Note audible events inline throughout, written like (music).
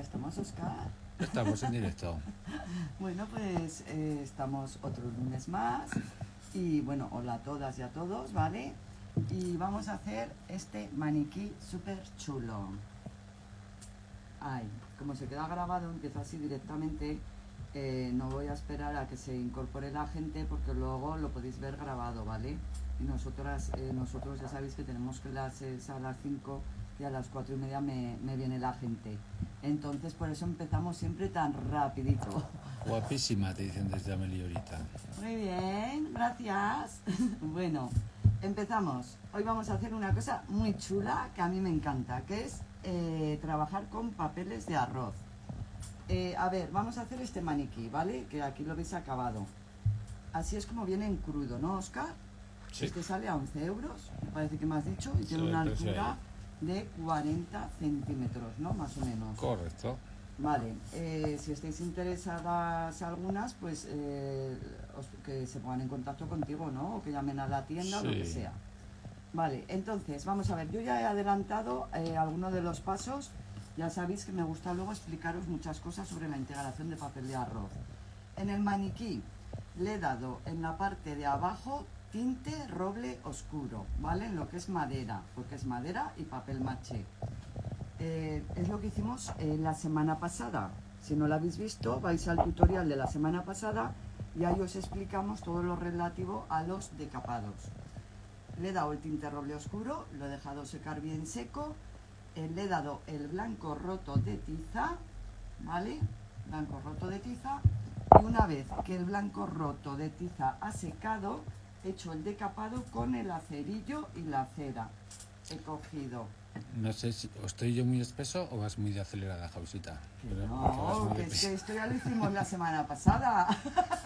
estamos, Oscar. Estamos en (laughs) directo. bueno, pues eh, estamos otro lunes más. Y bueno, hola a todas y a todos, ¿vale? Y vamos a hacer este maniquí súper chulo. Ay, como se queda grabado, empieza así directamente. Eh, no voy a esperar a que se incorpore la gente porque luego lo podéis ver grabado, ¿vale? Y nosotras, eh, nosotros ya sabéis que tenemos clases a las 5 y a las cuatro y media me, viene la gente. Entonces por eso empezamos siempre tan rapidito. Guapísima, te dicen desde Amelie ahorita. Muy bien, gracias. (laughs) Bueno, empezamos. Hoy vamos a hacer una cosa muy chula que a mí me encanta, que es eh, trabajar con papeles de arroz. Eh, a ver, vamos a hacer este maniquí, ¿vale? Que aquí lo habéis acabado. Así es como viene en crudo, ¿no, Oscar? Sí. Este sale a 11 euros, me parece que me has dicho, y tiene una altura de 40 centímetros, ¿no? Más o menos. Correcto. Vale, eh, si estáis interesadas algunas, pues eh, que se pongan en contacto contigo, ¿no? O que llamen a la tienda o lo que sea. Vale, entonces, vamos a ver, yo ya he adelantado eh, algunos de los pasos. Ya sabéis que me gusta luego explicaros muchas cosas sobre la integración de papel de arroz. En el maniquí le he dado en la parte de abajo tinte roble oscuro, ¿vale? En lo que es madera, porque es madera y papel maché. Eh, es lo que hicimos eh, la semana pasada. Si no lo habéis visto, vais al tutorial de la semana pasada y ahí os explicamos todo lo relativo a los decapados. Le he dado el tinte roble oscuro, lo he dejado secar bien seco, eh, le he dado el blanco roto de tiza, ¿vale? Blanco roto de tiza. Y una vez que el blanco roto de tiza ha secado, hecho el decapado con el acerillo y la cera. He cogido. No sé si estoy yo muy espeso o vas muy de acelerada, Jausita. No, que, es que esto ya lo hicimos la semana pasada.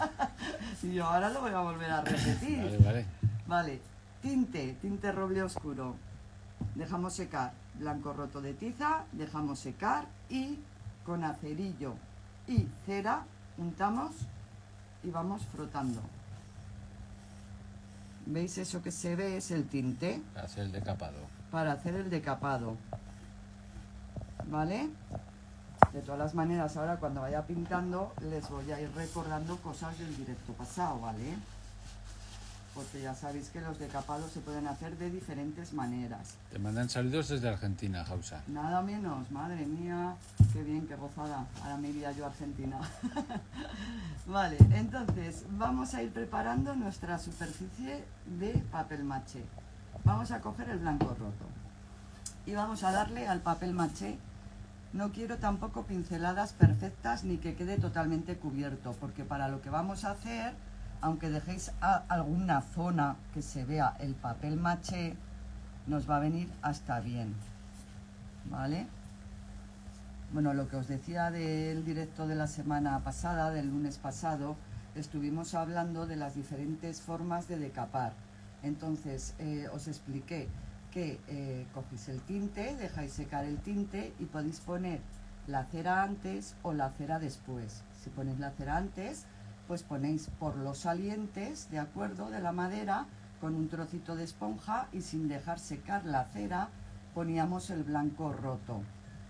(laughs) y yo ahora lo voy a volver a repetir. Vale, vale. Vale, tinte, tinte roble oscuro. Dejamos secar. Blanco roto de tiza, dejamos secar y con acerillo y cera untamos y vamos frotando. ¿Veis eso que se ve? Es el tinte. Para hacer el decapado. Para hacer el decapado. ¿Vale? De todas las maneras, ahora cuando vaya pintando, les voy a ir recordando cosas del directo pasado, ¿vale? porque ya sabéis que los decapados se pueden hacer de diferentes maneras. Te mandan saludos desde Argentina, Jausa. Nada menos, madre mía, qué bien, qué gozada. Ahora me iría yo a Argentina. (laughs) vale, entonces vamos a ir preparando nuestra superficie de papel maché. Vamos a coger el blanco roto y vamos a darle al papel maché. No quiero tampoco pinceladas perfectas ni que quede totalmente cubierto, porque para lo que vamos a hacer aunque dejéis a alguna zona que se vea el papel maché, nos va a venir hasta bien, ¿vale? Bueno, lo que os decía del directo de la semana pasada, del lunes pasado, estuvimos hablando de las diferentes formas de decapar. Entonces, eh, os expliqué que eh, cogéis el tinte, dejáis secar el tinte y podéis poner la cera antes o la cera después. Si ponéis la cera antes, pues ponéis por los salientes, ¿de acuerdo?, de la madera con un trocito de esponja y sin dejar secar la cera poníamos el blanco roto.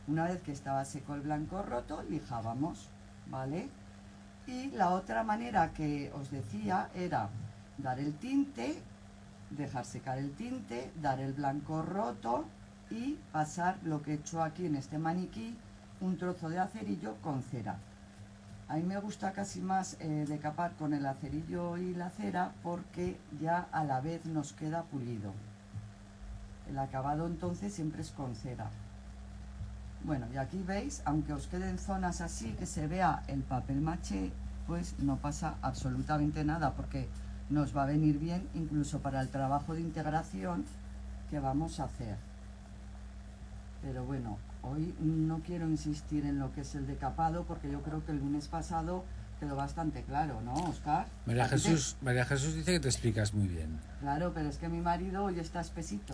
Una vez que estaba seco el blanco roto, lijábamos, ¿vale? Y la otra manera que os decía era dar el tinte, dejar secar el tinte, dar el blanco roto y pasar lo que he hecho aquí en este maniquí, un trozo de acerillo con cera. A mí me gusta casi más eh, decapar con el acerillo y la cera porque ya a la vez nos queda pulido. El acabado entonces siempre es con cera. Bueno, y aquí veis, aunque os queden zonas así, que se vea el papel maché, pues no pasa absolutamente nada porque nos va a venir bien incluso para el trabajo de integración que vamos a hacer. Pero bueno, Hoy no quiero insistir en lo que es el decapado porque yo creo que el lunes pasado quedó bastante claro, ¿no, Oscar? María Jesús, María Jesús dice que te explicas muy bien. Claro, pero es que mi marido hoy está espesito.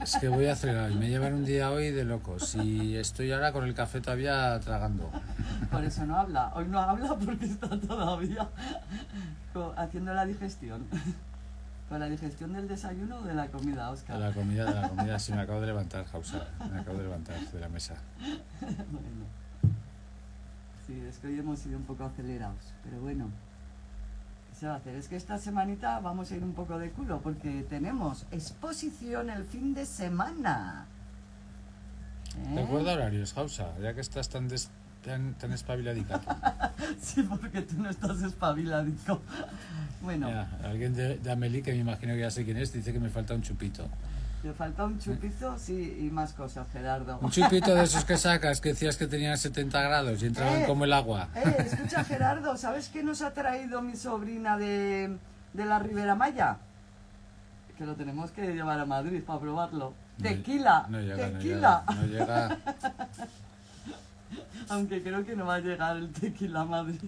Es que voy a y me llevan un día hoy de locos y estoy ahora con el café todavía tragando. Por eso no habla, hoy no habla porque está todavía haciendo la digestión. ¿Para la digestión del desayuno o de la comida, Oscar? De la comida, de la (laughs) comida. Sí, me acabo de levantar, Jausa. Me acabo de levantar de la mesa. Sí, es que hoy hemos sido un poco acelerados. Pero bueno, ¿qué se va a hacer? Es que esta semanita vamos a ir un poco de culo porque tenemos exposición el fin de semana. Te ¿Eh? acuerdas horarios, Jausa. Ya que estás tan... Des tan, espabiladica. (laughs) sí, porque tú no estás espabiladico. (laughs) Bueno. alguien de, Amelie, que me imagino que ya sé quién es, dice que me falta un chupito. Le falta un chupito, sí, y más cosas, Gerardo. Un chupito de esos que (laughs) sacas, que decías que tenían 70 grados y entraban eh, como el agua. Eh, escucha, Gerardo, ¿sabes qué nos ha traído mi sobrina de, la Ribera Maya? Que lo tenemos que llevar a Madrid para probarlo. tequila, tequila. No No llega. Aunque creo que no va a llegar el tequila a Madrid.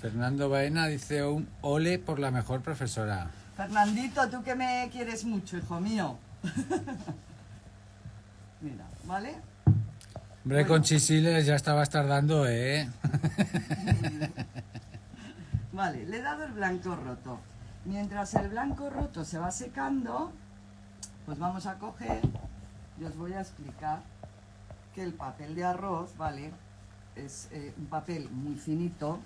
Fernando Baena dice un ole por la mejor profesora. Fernandito, tú que me quieres mucho, hijo mío. (laughs) Mira, ¿vale? Hombre, con chisiles ya estabas tardando, ¿eh? (laughs) vale, le he dado el blanco roto. Mientras el blanco roto se va secando, pues vamos a coger y os voy a explicar que el papel de arroz, ¿vale? Es eh, un papel muy finito,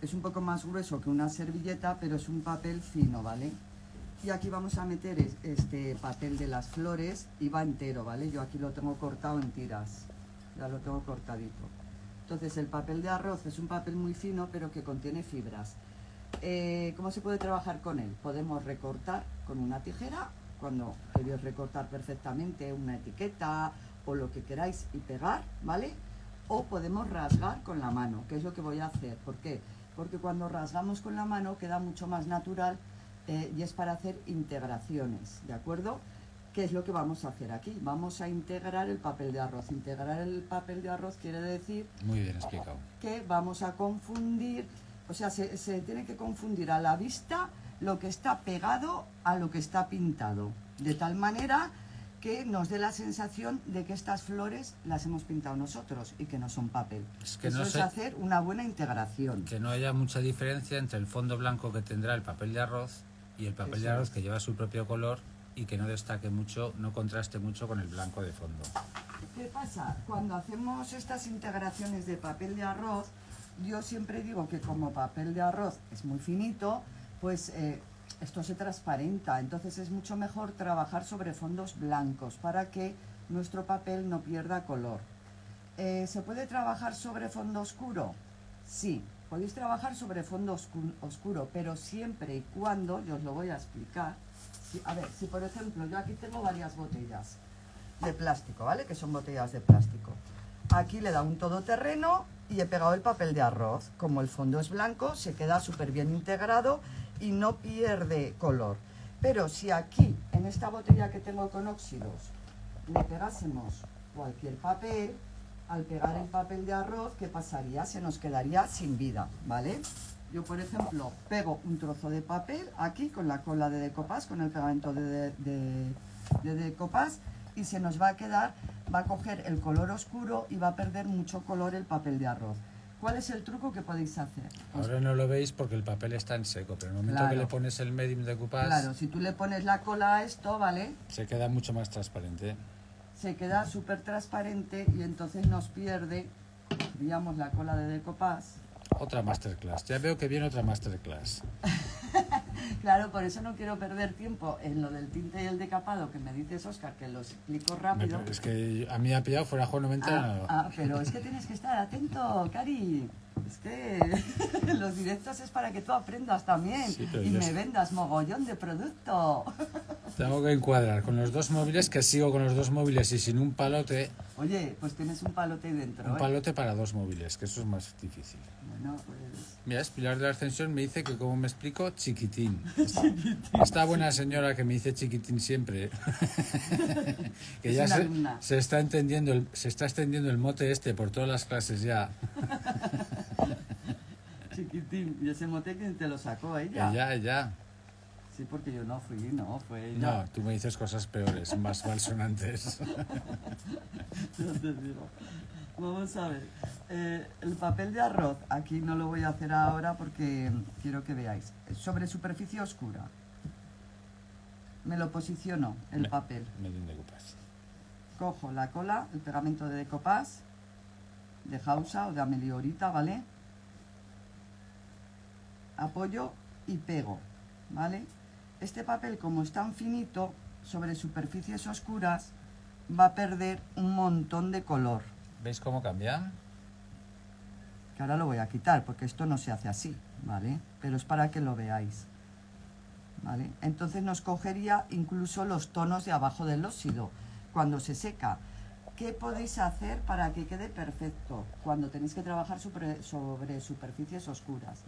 es un poco más grueso que una servilleta, pero es un papel fino, ¿vale? Y aquí vamos a meter este papel de las flores y va entero, ¿vale? Yo aquí lo tengo cortado en tiras, ya lo tengo cortadito. Entonces el papel de arroz es un papel muy fino, pero que contiene fibras. Eh, ¿Cómo se puede trabajar con él? Podemos recortar con una tijera, cuando queréis recortar perfectamente una etiqueta, o lo que queráis y pegar, ¿vale? O podemos rasgar con la mano, que es lo que voy a hacer. ¿Por qué? Porque cuando rasgamos con la mano queda mucho más natural eh, y es para hacer integraciones, ¿de acuerdo? ¿Qué es lo que vamos a hacer aquí? Vamos a integrar el papel de arroz. Integrar el papel de arroz quiere decir... Muy bien explicado. Que vamos a confundir, o sea, se, se tiene que confundir a la vista lo que está pegado a lo que está pintado. De tal manera que nos dé la sensación de que estas flores las hemos pintado nosotros y que no son papel. Es que Eso hacer una buena integración. Que no haya mucha diferencia entre el fondo blanco que tendrá el papel de arroz y el papel de arroz que lleva su propio color y que no destaque mucho, no contraste mucho con el blanco de fondo. ¿Qué pasa? Cuando hacemos estas integraciones de papel de arroz, yo siempre digo que como papel de arroz es muy finito, pues eh, esto se transparenta, entonces es mucho mejor trabajar sobre fondos blancos para que nuestro papel no pierda color. Eh, ¿Se puede trabajar sobre fondo oscuro? Sí, podéis trabajar sobre fondo oscuro, pero siempre y cuando, yo os lo voy a explicar, a ver, si por ejemplo yo aquí tengo varias botellas de plástico, ¿vale? Que son botellas de plástico. Aquí le da un todoterreno y he pegado el papel de arroz. Como el fondo es blanco, se queda súper bien integrado y no pierde color. Pero si aquí, en esta botella que tengo con óxidos, le pegásemos cualquier papel, al pegar el papel de arroz, ¿qué pasaría? Se nos quedaría sin vida, ¿vale? Yo, por ejemplo, pego un trozo de papel aquí con la cola de decopas, con el pegamento de, de, y se nos va a quedar, va a coger el color oscuro y va a perder mucho color el papel de arroz. ¿Cuál es el truco que podéis hacer? Pues Ahora no lo veis porque el papel está en seco, pero en el momento que le pones el medium de cupas... Claro, si tú le pones la cola a esto, ¿vale? Se queda mucho más transparente. Se queda súper transparente y entonces nos pierde, digamos, la cola de decoupage. Otra masterclass. Ya veo que viene otra masterclass. (laughs) (laughs) Claro, por eso no quiero perder tiempo en lo del tinte y el decapado que me dices, Oscar, que lo explico rápido. es que a mí ha pillado fuera Juan ah, 90. Ah, pero es que tienes que estar atento, Cari. Es que (laughs) los directos es para que tú aprendas también y me vendas mogollón de producto. (laughs) Tengo que encuadrar con los dos móviles, que sigo con los dos móviles y sin un palote. Oye, pues tienes un palote dentro. Un ¿eh? palote para dos móviles, que eso es más difícil. Pues Mira, Pilar de la Ascensión me dice que, como me explico, chiquitín. Esta buena señora que me dice chiquitín siempre, (laughs) que ya se, está entendiendo se está extendiendo el mote este por todas las clases ya. (laughs) chiquitín, y ese mote que te lo sacó ella. Ya, ya. Sí, porque yo no fui, no, fue ella. No, tú me dices cosas peores, más malsonantes. no (laughs) te Vamos a ver, eh, el papel de arroz, aquí no lo voy a hacer ahora porque quiero que veáis. Sobre superficie oscura, me lo posiciono el papel. Cojo la cola, el pegamento de decopás, de jausa o de ameliorita, ¿vale? Apoyo y pego, ¿vale? Este papel, como está tan finito, sobre superficies oscuras, va a perder un montón de color. ¿Veis cómo cambia? Que ahora lo voy a quitar porque esto no se hace así, ¿vale? Pero es para que lo veáis. ¿Vale? Entonces nos cogería incluso los tonos de abajo del óxido cuando se seca. ¿Qué podéis hacer para que quede perfecto cuando tenéis que trabajar sobre, sobre superficies oscuras?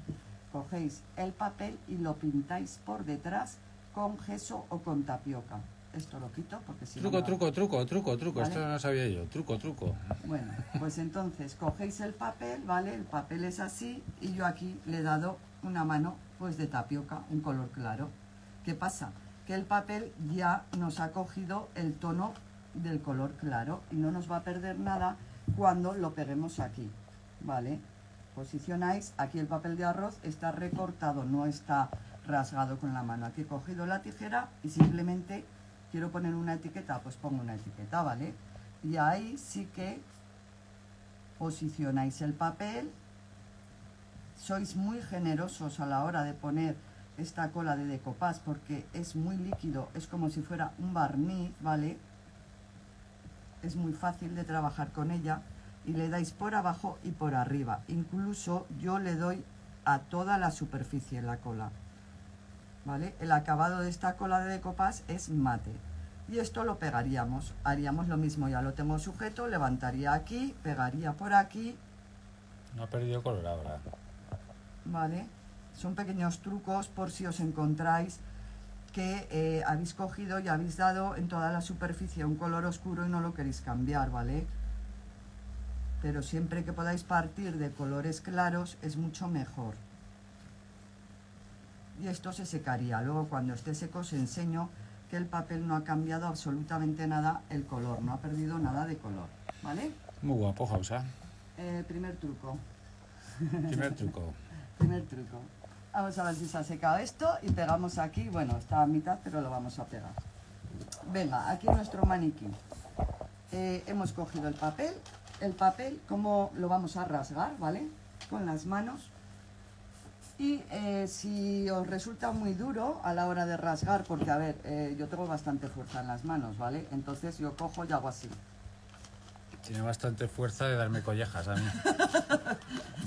Cogéis el papel y lo pintáis por detrás con gesso o con tapioca esto lo quito porque si truco, no... Truco, truco, truco, truco, esto no lo sabía yo, truco, truco. Bueno, pues entonces cogéis el papel, ¿vale? El papel es así y yo aquí le he dado una mano pues de tapioca, un color claro. ¿Qué pasa? Que el papel ya nos ha cogido el tono del color claro y no nos va a perder nada cuando lo peguemos aquí, ¿vale? Posicionáis, aquí el papel de arroz está recortado, no está rasgado con la mano. Aquí he cogido la tijera y simplemente quiero poner una etiqueta, pues pongo una etiqueta, ¿vale? Y ahí sí que posicionáis el papel, sois muy generosos a la hora de poner esta cola de decopás porque es muy líquido, es como si fuera un barniz, ¿vale? Es muy fácil de trabajar con ella y le dais por abajo y por arriba. Incluso yo le doy a toda la superficie la cola. ¿vale? El acabado de esta cola de copas es mate. Y esto lo pegaríamos, haríamos lo mismo, ya lo tengo sujeto, levantaría aquí, pegaría por aquí. No ha perdido color ahora. ¿Vale? Son pequeños trucos por si os encontráis que eh, habéis cogido y habéis dado en toda la superficie un color oscuro y no lo queréis cambiar, ¿vale? Pero siempre que podáis partir de colores claros es mucho mejor y esto se secaría. Luego cuando esté seco os enseño que el papel no ha cambiado absolutamente nada el color, no ha perdido nada de color, ¿vale? Muy guapo, Jausa. Eh, primer truco. Primer truco. (laughs) primer truco. Vamos a ver si se ha secado esto y pegamos aquí, bueno, está a mitad, pero lo vamos a pegar. Venga, aquí nuestro maniquí. Eh, hemos cogido el papel, el papel, ¿cómo lo vamos a rasgar, vale? Con las manos y eh, si os resulta muy duro a la hora de rasgar, porque a ver, eh, yo tengo bastante fuerza en las manos, ¿vale? Entonces yo cojo y hago así. Tiene bastante fuerza de darme collejas a mí.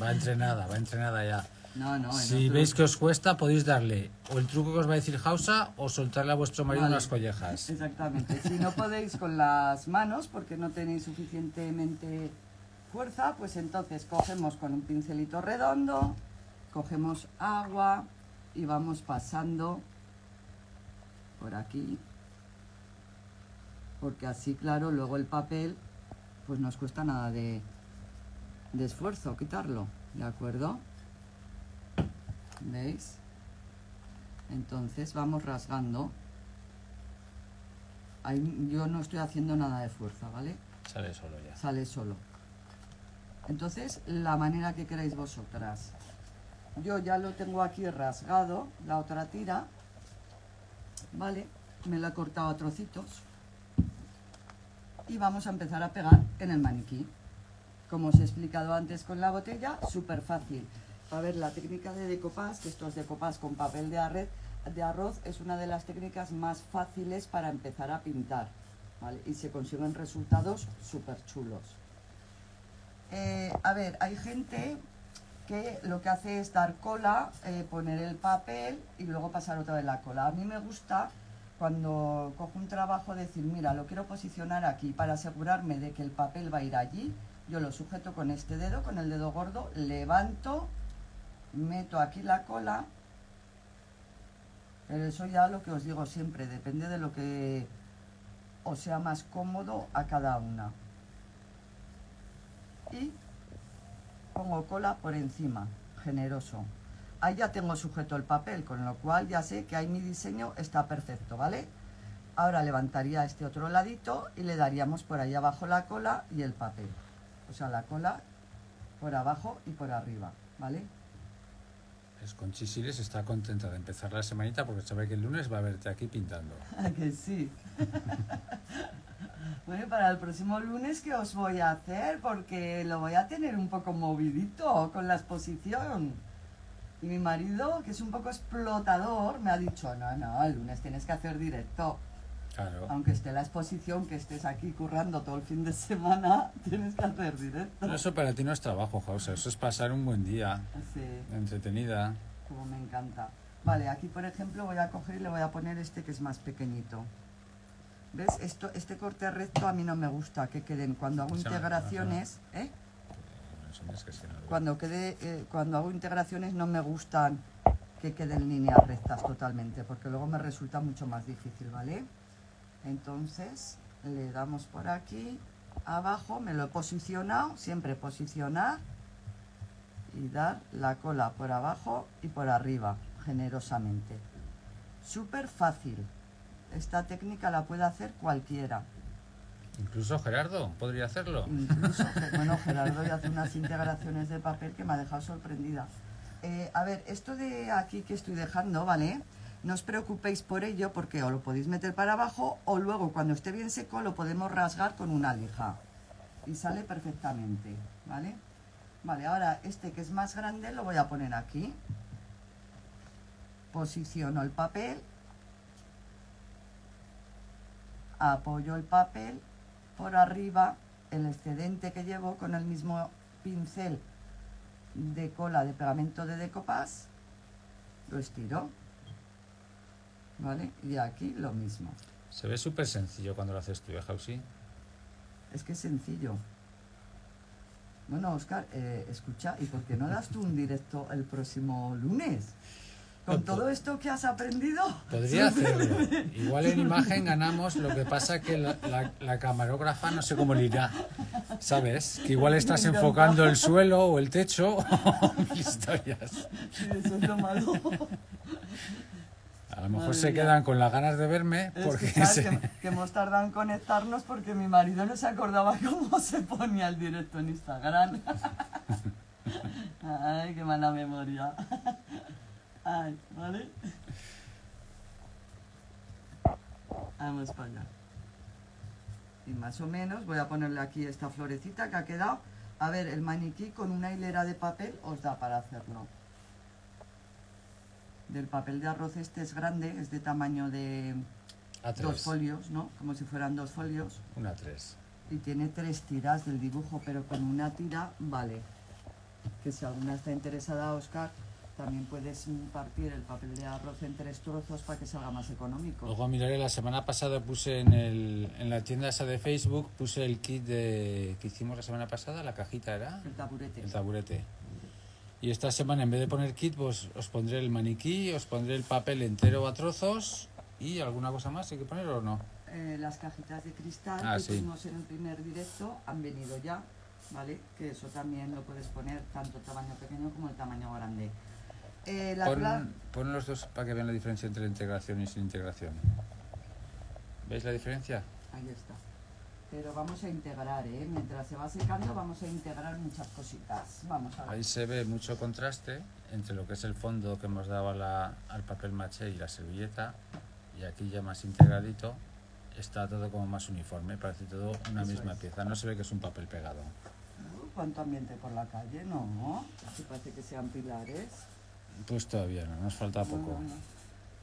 va entrenada, va entrenada ya. No, no, si veis que os cuesta, podéis darle o el truco que os va a decir Hausa o soltarle a vuestro marido las unas collejas. Exactamente. Si no podéis con las manos porque no tenéis suficientemente fuerza, pues entonces cogemos con un pincelito redondo, cogemos agua y vamos pasando por aquí porque así claro luego el papel pues nos cuesta nada de, de esfuerzo quitarlo de acuerdo veis entonces vamos rasgando Ahí yo no estoy haciendo nada de fuerza vale sale solo ya sale solo entonces la manera que queráis vosotras yo ya lo tengo aquí rasgado, la otra tira, ¿vale? Me la he cortado a trocitos y vamos a empezar a pegar en el maniquí. Como os he explicado antes con la botella, súper fácil. A ver, la técnica de decopás, que esto es decopás con papel de, arroz, de arroz, es una de las técnicas más fáciles para empezar a pintar, Y se consiguen resultados súper chulos. Eh, a ver, hay gente que lo que hace es dar cola, eh, poner el papel y luego pasar otra vez la cola. A mí me gusta cuando cojo un trabajo decir, mira, lo quiero posicionar aquí para asegurarme de que el papel va a ir allí. Yo lo sujeto con este dedo, con el dedo gordo, levanto, meto aquí la cola. Pero eso ya lo que os digo siempre, depende de lo que os sea más cómodo a cada una. Y pongo cola por encima, generoso. Ahí ya tengo sujeto el papel, con lo cual ya sé que ahí mi diseño está perfecto, ¿vale? Ahora levantaría este otro ladito y le daríamos por ahí abajo la cola y el papel. O sea, la cola por abajo y por arriba, ¿vale? Es con Chisiles está contenta de empezar la semanita porque sabe que el lunes va a verte aquí pintando. (laughs) que sí? (laughs) Bueno, para el próximo lunes, ¿qué os voy a hacer? Porque lo voy a tener un poco movidito con la exposición. Y mi marido, que es un poco explotador, me ha dicho, no, no, el lunes tienes que hacer directo. Claro. Aunque esté la exposición, que estés aquí currando todo el fin de semana, (laughs) tienes que hacer directo. Pero eso para ti no es trabajo, Jausa, eso es pasar un buen día. Sí. Entretenida. Como me encanta. Vale, aquí por ejemplo voy a coger y le voy a poner este que es más pequeñito. ¿Ves? Esto, este corte recto a mí no me gusta que queden. Cuando hago integraciones, ¿eh? ¿eh? Cuando, quede, eh, cuando hago integraciones no me gustan que queden líneas rectas totalmente, porque luego me resulta mucho más difícil, ¿vale? Entonces, le damos por aquí, abajo, me lo he posicionado, siempre posicionar y dar la cola por abajo y por arriba, generosamente. Súper fácil. Esta técnica la puede hacer cualquiera. Incluso Gerardo podría hacerlo. Incluso, (laughs) bueno, Gerardo ya hace unas integraciones de papel que me ha dejado sorprendida. Eh, a ver, esto de aquí que estoy dejando, ¿vale? No os preocupéis por ello porque o lo podéis meter para abajo o luego cuando esté bien seco lo podemos rasgar con una lija. Y sale perfectamente, ¿vale? Vale, ahora este que es más grande lo voy a poner aquí. Posiciono el papel apoyo el papel por arriba, el excedente que llevo con el mismo pincel de cola de pegamento de decopas, lo estiro, ¿vale? Y aquí lo mismo. Se ve súper sencillo cuando lo haces tú, ¿eh, Es que es sencillo. Bueno, Oscar, eh, escucha, ¿y por qué no das tú un directo el próximo lunes? Con todo esto que has aprendido. Podría (laughs) hacerlo. Igual en imagen ganamos, lo que pasa que la, camarógrafa no sé cómo le ¿Sabes? Que igual estás enfocando el suelo o el techo (laughs) o historias. Eso es lo malo. A lo mejor se quedan con las ganas de verme porque... Es que, que, que, hemos tardado en conectarnos porque mi marido no se acordaba (laughs) cómo se ponía el directo en Instagram. Ay, qué mala memoria. Ay, ¿vale? Vamos para allá. Y más o menos voy a ponerle aquí esta florecita que ha quedado. A ver, el maniquí con una hilera de papel os da para hacerlo. Del papel de arroz este es grande, es de tamaño de dos folios, ¿no? Como si fueran dos folios. Una tres. Y tiene tres tiras del dibujo, pero con una tira vale. Que si alguna está interesada, Oscar, también puedes partir el papel de arroz en tres trozos para que salga más económico. Luego miraré, la semana pasada puse en, el, en la tienda esa de Facebook, puse el kit de, que hicimos la semana pasada, la cajita era... El taburete. El taburete. Y esta semana en vez de poner kit, pues os pondré el maniquí, os pondré el papel entero a trozos y alguna cosa más hay que poner o no. Eh, las cajitas de cristal ah, que hicimos en el primer directo han venido ya, ¿vale? Que eso también lo puedes poner tanto tamaño pequeño como el tamaño grande eh, pon, los dos para que vean la diferencia entre la integración y sin integración. ¿Veis la diferencia? Ahí está. Pero vamos a integrar, ¿eh? Mientras se va secando vamos a integrar muchas cositas. Vamos Ahí se ve mucho contraste entre lo que es el fondo que hemos dado al papel maché y la servilleta, y aquí ya más integradito, está todo como más uniforme, parece todo una misma pieza, no se ve que es un papel pegado. Uh, ¿Cuánto ambiente por la calle? No, aquí parece que sean pilares. Pues todavía no, nos falta poco.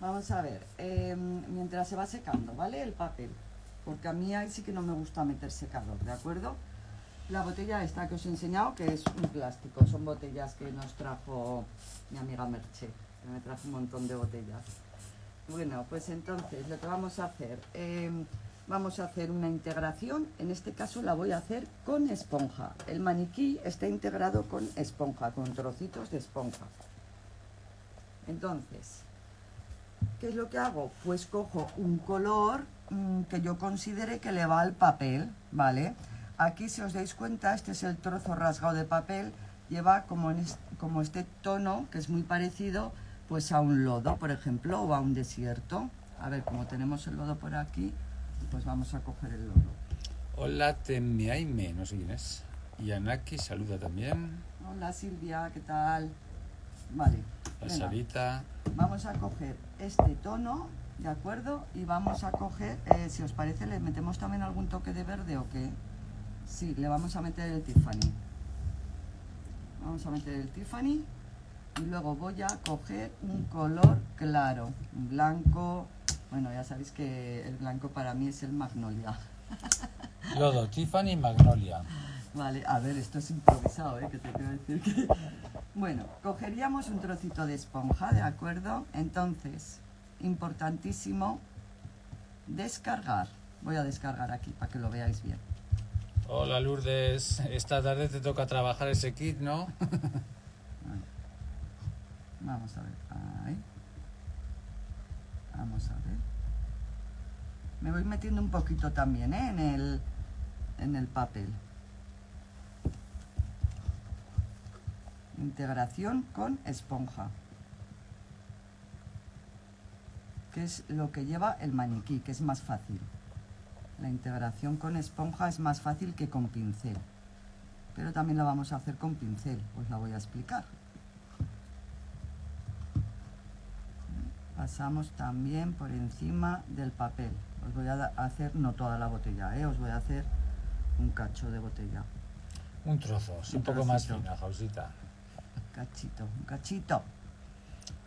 Vamos a ver, em, mientras se va secando, ¿vale? El papel, porque a mí ahí sí que no me gusta meter secador, ¿de acuerdo? La botella esta que os he enseñado, que es un plástico, son botellas que nos trajo mi amiga Merche, que me trajo un montón de botellas. Bueno, pues entonces lo que vamos a hacer, em, vamos a hacer una integración, en este caso la voy a hacer con esponja. El maniquí está integrado con esponja, con trocitos de esponja. Entonces, ¿qué es lo que hago? Pues cojo un color mm, que yo considere que le va al papel, ¿vale? Aquí, si os dais cuenta, este es el trozo rasgado de papel, lleva como, este, como este tono, que es muy parecido pues a un lodo, por ejemplo, o a un desierto. A ver, como tenemos el lodo por aquí, pues vamos a coger el lodo. Hola, Temiaime, no sé quién es. Y Anaki saluda también. Hola, Silvia, ¿qué tal? Vale. Vamos a coger este tono, ¿de acuerdo? Y vamos a coger, eh, si os parece, le metemos también algún toque de verde o qué. Sí, le vamos a meter el Tiffany. Vamos a meter el Tiffany. Y luego voy a coger un color claro, un blanco. Bueno, ya sabéis que el blanco para mí es el magnolia. Lodo, (laughs) Tiffany, magnolia. Vale, a ver, esto es improvisado, ¿eh? Que te quiero decir que bueno, cogeríamos un trocito de esponja, ¿de acuerdo? Entonces, importantísimo, descargar. Voy a descargar aquí para que lo veáis bien. Hola Lourdes, esta tarde te toca trabajar ese kit, ¿no? (laughs) Vamos a ver. Ahí. Vamos a ver. Me voy metiendo un poquito también ¿eh? en, el, en el papel. integración con esponja, que es lo que lleva el maniquí, que es más fácil. La integración con esponja es más fácil que con pincel, pero también la vamos a hacer con pincel, os la voy a explicar. Pasamos también por encima del papel. Os voy a hacer, no toda la botella, ¿eh? os voy a hacer un cacho de botella. Un trozo, un, poco más una Jausita. Cachito, un cachito.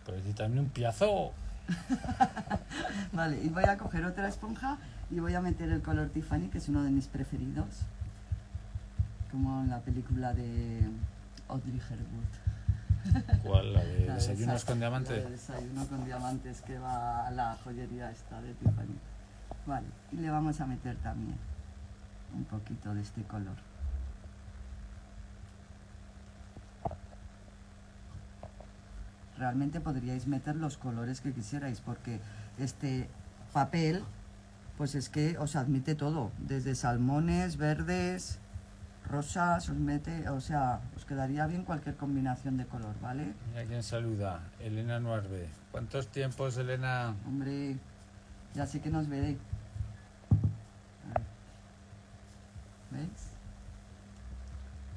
Pues y también un piazo. (laughs) vale, y voy a coger otra esponja y voy a meter el color Tiffany, que es uno de mis preferidos. Como en la película de Audrey Hepburn. ¿Cuál? ¿La de (laughs) desayunos con diamantes? La desayuno con diamantes que va a la joyería esta de Tiffany. Vale, y le vamos a meter también un poquito de este color. realmente podríais meter los colores que quisierais, porque este papel, pues es que os admite todo, desde salmones, verdes, rosas, os mete, o sea, os quedaría bien cualquier combinación de color, ¿vale? Mira quién saluda, Elena Nuarbe. ¿Cuántos tiempos, Elena? Hombre, ya sé que nos ve. ¿Veis?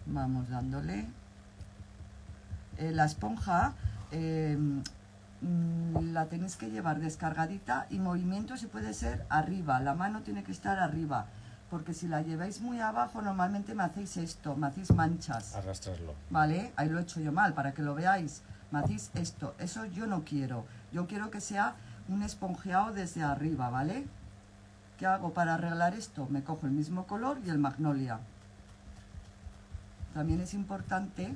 Vamos dándole. Eh, la esponja Em, mm, la tenéis que llevar descargadita y movimiento si puede ser arriba, la mano tiene que estar arriba, porque si la lleváis muy abajo normalmente me hacéis esto, me hacéis manchas. Arrastrarlo. Vale, ahí lo he hecho yo mal, para que lo veáis, me hacéis esto, eso yo no quiero, yo quiero que sea un esponjeado desde arriba, ¿vale? ¿Qué hago para arreglar esto? Me cojo el mismo color y el magnolia. También es importante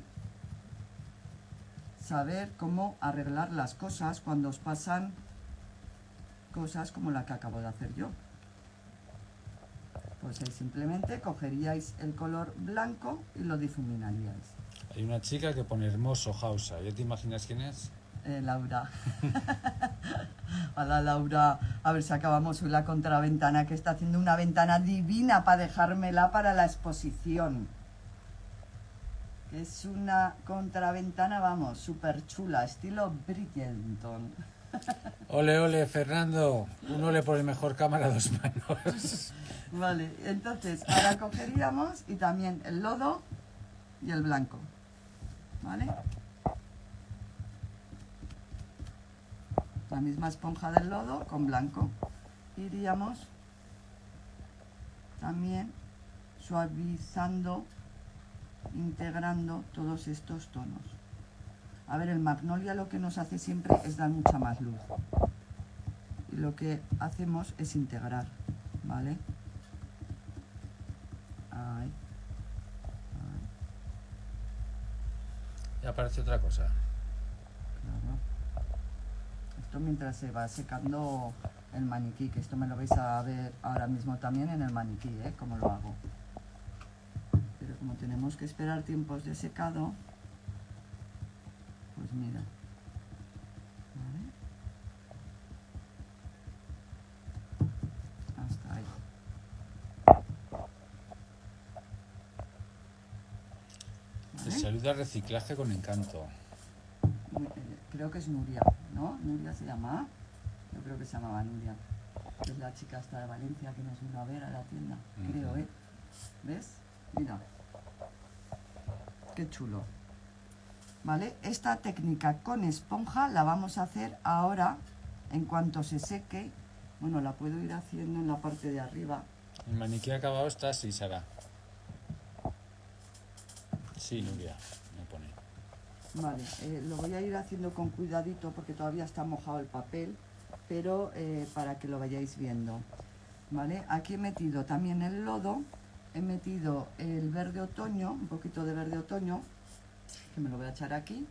saber cómo arreglar las cosas cuando os pasan cosas como la que acabo de hacer yo. Pues ahí simplemente cogeríais el color blanco y lo difuminaríais. Hay una chica que pone hermoso Hausa. ¿Ya te imaginas quién es? Eh, Laura. (laughs) Hola Laura. A ver si acabamos hoy la contraventana que está haciendo una ventana divina para dejármela para la exposición. Es una contraventana, vamos, súper chula, estilo Bridgerton. (laughs) Ole, ole, Fernando. Un ole por el mejor cámara dos manos. (laughs) Vale, entonces ahora cogeríamos y también el lodo y el blanco. ¿Vale? La misma esponja del lodo con blanco. Iríamos también suavizando integrando todos estos tonos. A ver, el magnolia lo que nos hace siempre es dar mucha más luz. Y lo que hacemos es integrar, ¿vale? Ahí. Y aparece otra cosa. Esto mientras se va secando el maniquí, que esto me lo vais a ver ahora mismo también en el maniquí, ¿eh? Cómo lo hago como tenemos que esperar tiempos de secado, pues mira. Hasta ahí. Se saluda reciclaje con encanto. Eh, creo que es Nuria, ¿no? Nuria se llama. Yo creo que se llamaba Nuria. Es la chica hasta de Valencia que nos vino a ver a la tienda, creo, ¿eh? ¿Ves? Mira. Qué chulo. ¿Vale? Esta técnica con esponja la vamos a hacer ahora, en cuanto se seque. Bueno, la puedo ir haciendo en la parte de arriba. El maniquí acabado está sí Sara. Sí, Nuria, me pone. Vale, eh, lo voy a ir haciendo con cuidadito porque todavía está mojado el papel, pero eh, para que lo vayáis viendo. ¿Vale? Aquí he metido también el lodo he metido el verde otoño, un poquito de verde otoño, que me lo voy a echar aquí,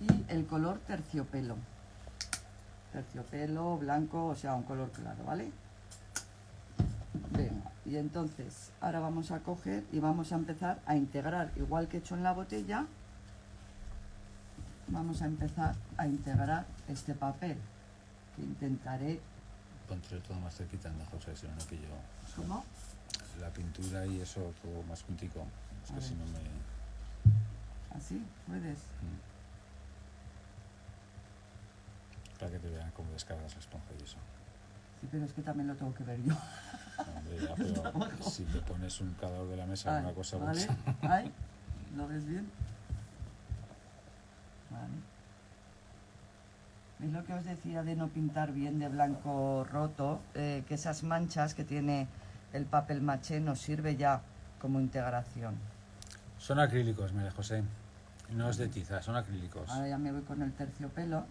y el color terciopelo. Terciopelo, blanco, o sea, un color claro, ¿vale? Venga, y entonces ahora vamos a coger y vamos a empezar a integrar, igual que he hecho en la botella, vamos a empezar a integrar este papel, que intentaré... Ponte todo más cerquita, José, si no, ¿Cómo? la pintura y eso todo más juntico. Es que si no me. ¿Así? ¿Puedes? Mm. Para que te vean cómo descargas la esponja y eso. Sí, pero es que también lo tengo que ver yo. (laughs) si te pones un calor de la mesa, una cosa ¿vale? (laughs) Ay, ¿Lo ves bien? Vale. es lo que os decía de no pintar bien de blanco roto? Eh, que esas manchas que tiene el papel maché nos sirve ya como integración. Son acrílicos, mire José. No es de tiza, son acrílicos. Ahora ya me voy con el terciopelo.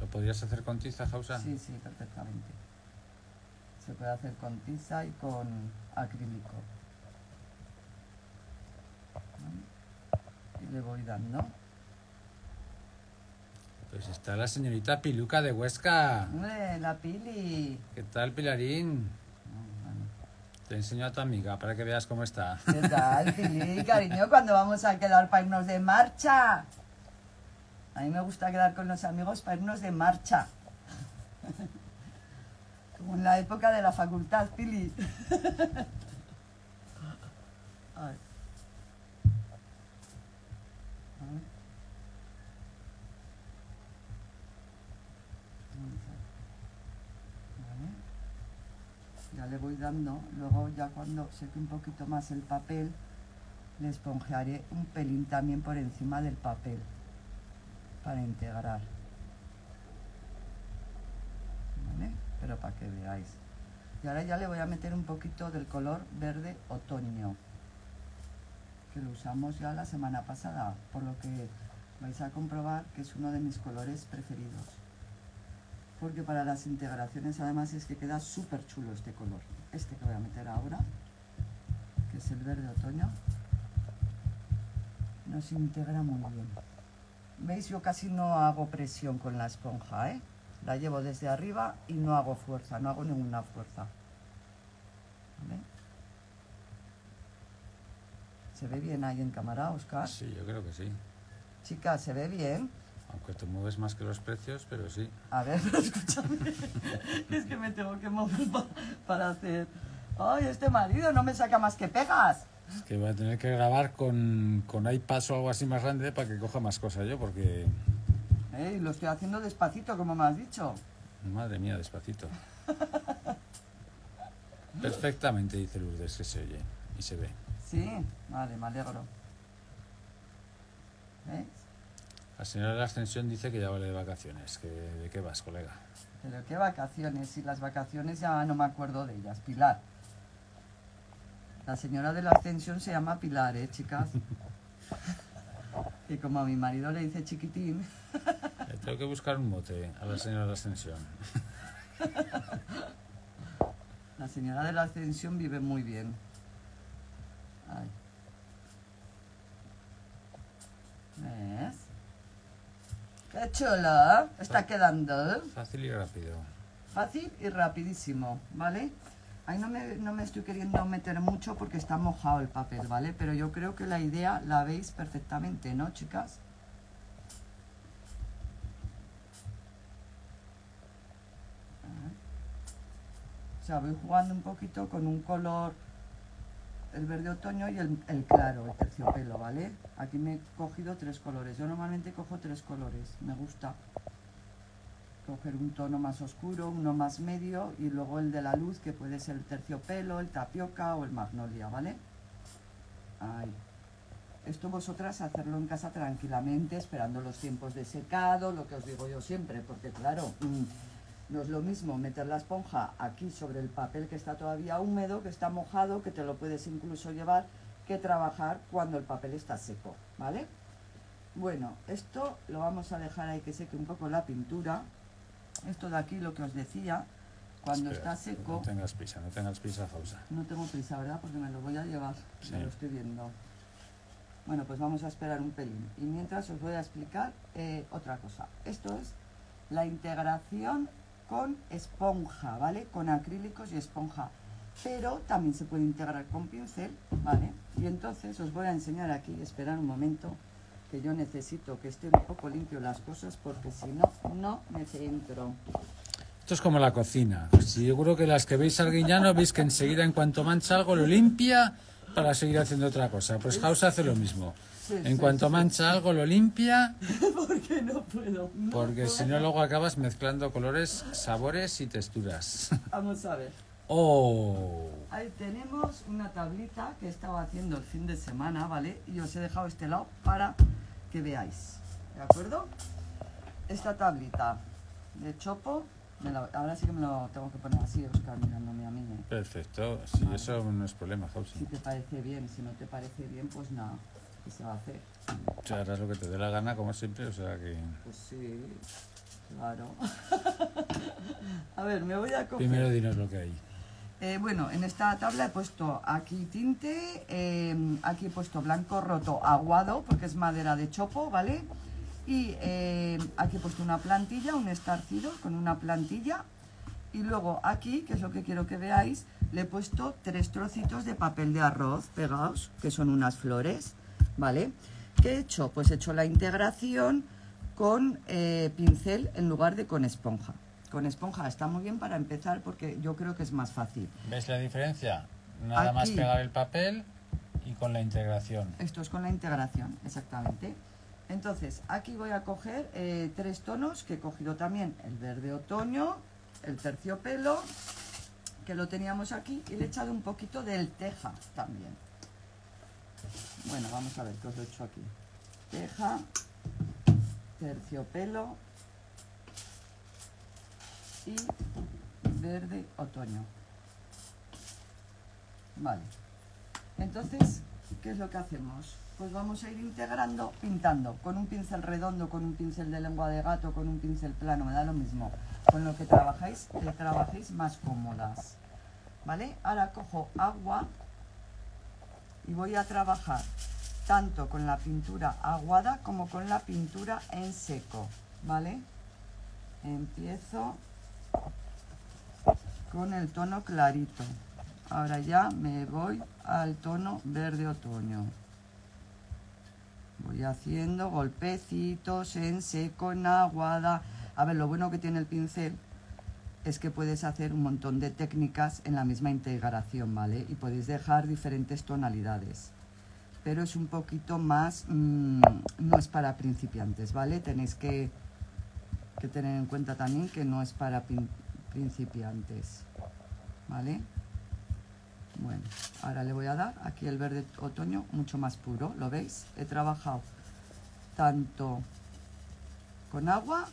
¿Lo podrías hacer con tiza, Jausa? Sí, sí, perfectamente. Se puede hacer con tiza y con acrílico. Y le voy dando. Pues está la señorita Piluca de Huesca. ¡Hombre, la Pili! ¿Qué tal, Pilarín? Te enseño a tu amiga para que veas cómo está. ¿Qué tal, Fili, cariño? cuando vamos a quedar para irnos de marcha? A mí me gusta quedar con los amigos para irnos de marcha. Como en la época de la facultad, Pili. ya le voy dando, luego ya cuando seque un poquito más el papel, le esponjearé un pelín también por encima del papel para integrar. Pero para que veáis. Y ahora ya le voy a meter un poquito del color verde otoño, que lo usamos ya la semana pasada, por lo que vais a comprobar que es uno de mis colores preferidos porque para las integraciones además es que queda súper chulo este color. Este que voy a meter ahora, que es el verde otoño, nos integra muy bien. ¿Veis? Yo casi no hago presión con la esponja, ¿eh? La llevo desde arriba y no hago fuerza, no hago ninguna fuerza. ¿Se ve bien ahí en cámara, Oscar? Sí, yo creo que sí. Chicas, ¿se ve bien? Aunque te mueves más que los precios, pero sí. A ver, (laughs) escúchame. es que me tengo que mover para hacer. ¡Ay, este marido no me saca más que pegas! Es que voy a tener que grabar con, con iPad o algo así más grande para que coja más cosas yo, porque. ¡Ey! Lo estoy haciendo despacito, como me has dicho. Madre mía, despacito. (laughs) Perfectamente, dice Lourdes, que se oye y se ve. Sí, vale, me alegro. ¿Ves? La señora de la Ascensión dice que ya vale de vacaciones. ¿De qué vas, colega? ¿De qué vacaciones? Si las vacaciones ya no me acuerdo de ellas, Pilar. La señora de la Ascensión se llama Pilar, ¿eh, chicas? (laughs) y como a mi marido le dice chiquitín... tengo que buscar un mote a la señora de la Ascensión. la señora de la Ascensión vive muy bien. ¿Ves? Qué chula, ¿eh? Está ah. quedando, ¿eh? Fácil y rápido. Fácil y rapidísimo, ¿vale? Ahí no me, no me estoy queriendo meter mucho porque está mojado el papel, ¿vale? Pero yo creo que la idea la veis perfectamente, ¿no, chicas? O sea, voy jugando un poquito con un color el verde otoño y el, claro, el terciopelo, ¿vale? Aquí me he cogido tres colores. Yo normalmente cojo tres colores, me gusta coger un tono más oscuro, uno más medio y luego el de la luz que puede ser el terciopelo, el tapioca o el magnolia, ¿vale? Ahí. Esto vosotras hacerlo en casa tranquilamente, esperando los tiempos de secado, lo que os digo yo siempre, porque claro, mm, no es lo mismo meter la esponja aquí sobre el papel que está todavía húmedo, que está mojado, que te lo puedes incluso llevar, que trabajar cuando el papel está seco, ¿vale? Bueno, esto lo vamos a dejar ahí que seque un poco la pintura. Esto de aquí, lo que os decía, cuando está seco... No tengas prisa, no tengas prisa, Fausa. No tengo prisa, ¿verdad? Porque me lo voy a llevar, me lo estoy viendo. Bueno, pues vamos a esperar un pelín. Y mientras os voy a explicar eh, otra cosa. Esto es la integración con esponja, ¿vale? Con acrílicos y esponja. Pero también se puede integrar con pincel, ¿vale? Y entonces os voy a enseñar aquí, esperar un momento, que yo necesito que esté un poco limpio las cosas porque si no, no me centro. Esto es como la cocina. seguro que las que veis al guiñano veis que enseguida en cuanto mancha algo lo limpia para seguir haciendo otra cosa. Pues House hace lo mismo en cuanto mancha algo lo limpia. (laughs) Porque no puedo. porque si no luego acabas mezclando colores, sabores y texturas. (laughs) Vamos a ver. Oh. Ahí tenemos una tablita que estaba haciendo el fin de semana, ¿vale? Y os he dejado este lado para que veáis. ¿De acuerdo? Esta tablita de chopo, ahora sí que me lo tengo que poner así, Oscar, mirándome a mí. ¿eh? Perfecto, si eso no es problema, Jose Si te parece bien, si no te parece bien, pues nada se va a hacer? lo que te dé la gana, como siempre, o sea que... Pues sí, claro. (laughs) a ver, me voy a coger... Primero dinos lo que hay. Eh, bueno, en esta tabla he puesto aquí tinte, eh, aquí he puesto blanco roto aguado, porque es madera de chopo, ¿vale? Y eh, aquí he puesto una plantilla, un estarcido con una plantilla. Y luego aquí, que es lo que quiero que veáis, le he puesto tres trocitos de papel de arroz pegados, que son unas flores. ¿vale? ¿Qué he hecho? Pues he hecho la integración con eh, pincel en lugar de con esponja. Con esponja está muy bien para empezar porque yo creo que es más fácil. ¿Ves la diferencia? Nada más pegar el papel y con la integración. Esto es con la integración, exactamente. Entonces, aquí voy a coger eh, tres tonos que he cogido también el verde otoño, el terciopelo, que lo teníamos aquí, y le he echado un poquito del teja también. Bueno, vamos a ver qué os he hecho aquí. Teja, terciopelo y verde otoño. Vale. Entonces, ¿qué es lo que hacemos? Pues vamos a ir integrando, pintando, con un pincel redondo, con un pincel de lengua de gato, con un pincel plano, me da lo mismo. Con lo que trabajáis, que trabajéis más cómodas. ¿Vale? Ahora cojo agua y voy a trabajar tanto con la pintura aguada como con la pintura en seco, ¿vale? Empiezo con el tono clarito. Ahora ya me voy al tono verde otoño. Voy haciendo golpecitos en seco, en aguada. A ver, lo bueno que tiene el pincel es que puedes hacer un montón de técnicas en la misma integración, ¿vale? Y podéis dejar diferentes tonalidades. Pero es un poquito más, mm, no es para principiantes, ¿vale? Tenéis que, que, tener en cuenta también que no es para principiantes, ¿vale? Bueno, ahora le voy a dar aquí el verde otoño mucho más puro, ¿lo veis? He trabajado tanto con agua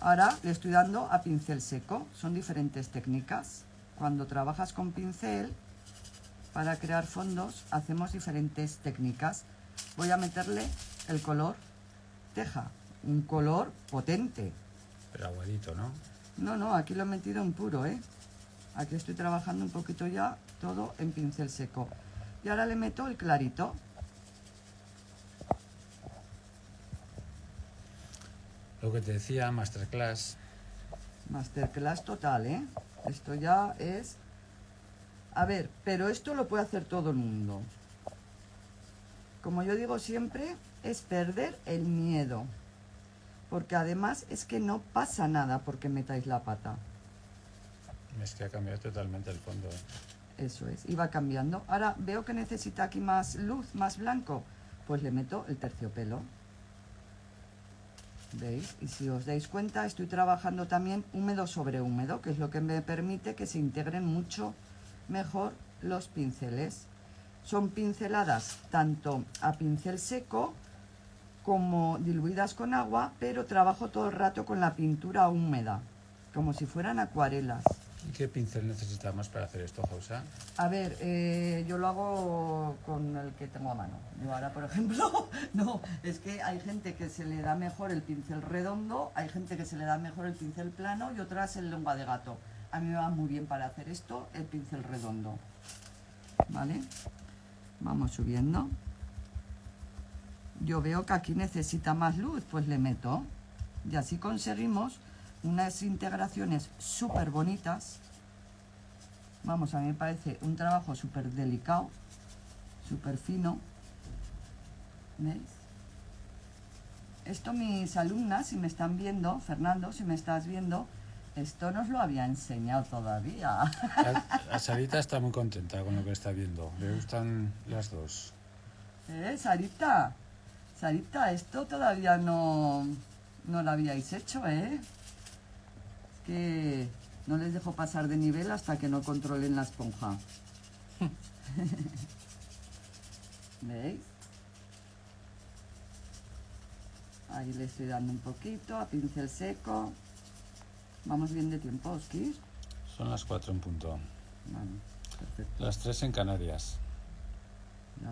Ahora le estoy dando a pincel seco. Son diferentes técnicas. Cuando trabajas con pincel, para crear fondos, hacemos diferentes técnicas. Voy a meterle el color teja. Un color potente. Pero aguadito, ¿no? No, no, aquí lo he metido en puro, ¿eh? Aquí estoy trabajando un poquito ya todo en pincel seco. Y ahora le meto el clarito. Lo que te decía, masterclass. Masterclass total, ¿eh? Esto ya es... A ver, pero esto lo puede hacer todo el mundo. Como yo digo siempre, es perder el miedo. Porque además es que no pasa nada porque metáis la pata. Es que ha cambiado totalmente el fondo. ¿eh? Eso es, iba cambiando. Ahora veo que necesita aquí más luz, más blanco. Pues le meto el terciopelo. Y si os dais cuenta, estoy trabajando también húmedo sobre húmedo, que es lo que me permite que se integren mucho mejor los pinceles. Son pinceladas tanto a pincel seco como diluidas con agua, pero trabajo todo el rato con la pintura húmeda, como si fueran acuarelas. ¿Y ¿Qué pincel necesitamos para hacer esto, Jausa? A ver, eh, yo lo hago con el que tengo a mano. Yo ahora, por ejemplo, (laughs) no, es que hay gente que se le da mejor el pincel redondo, hay gente que se le da mejor el pincel plano y otras el lengua de gato. A mí me va muy bien para hacer esto el pincel redondo. ¿Vale? Vamos subiendo. Yo veo que aquí necesita más luz, pues le meto. Y así conseguimos unas integraciones súper bonitas. Vamos, a mí me parece un trabajo súper delicado, súper fino. ¿Veis? Esto mis alumnas, si me están viendo, Fernando, si me estás viendo, esto nos lo había enseñado todavía. La, Sarita está muy contenta con lo que está viendo. Le gustan las dos. ¿Eh, Sarita? Sarita, esto todavía no, no lo habíais hecho, ¿eh? que no les dejo pasar de nivel hasta que no controlen la esponja. (laughs) ¿Veis? Ahí le estoy dando un poquito a pincel seco. Vamos bien de tiempo, Oskis. Son las 4 en punto. Las 3 en Canarias.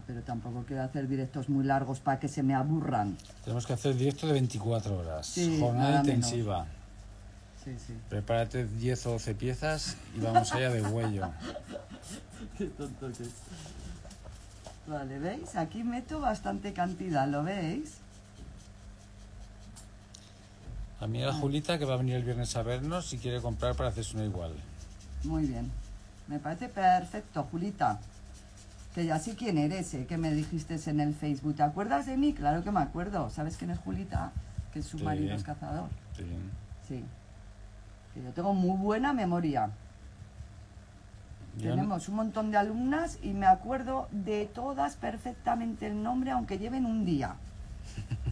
pero tampoco quiero hacer directos muy largos para que se me aburran. Tenemos que hacer directo de 24 horas. jornada intensiva. Sí, sí. Prepárate 10 o 12 piezas y vamos allá de huello. (laughs) Qué tonto que es. Vale, ¿veis? Aquí meto bastante cantidad, ¿lo veis? A mí ah. Julita que va a venir el viernes a vernos y quiere comprar para hacerse una igual. Muy bien. Me parece perfecto, Julita. Que ya sé quién eres, ¿eh? que me dijiste en el Facebook. ¿Te acuerdas de mí? Claro que me acuerdo. ¿Sabes quién es Julita? Que su marido es cazador. Sí. Sí yo tengo muy buena memoria. Tenemos un montón de alumnas y me acuerdo de todas perfectamente el nombre, aunque lleven un día. (laughs)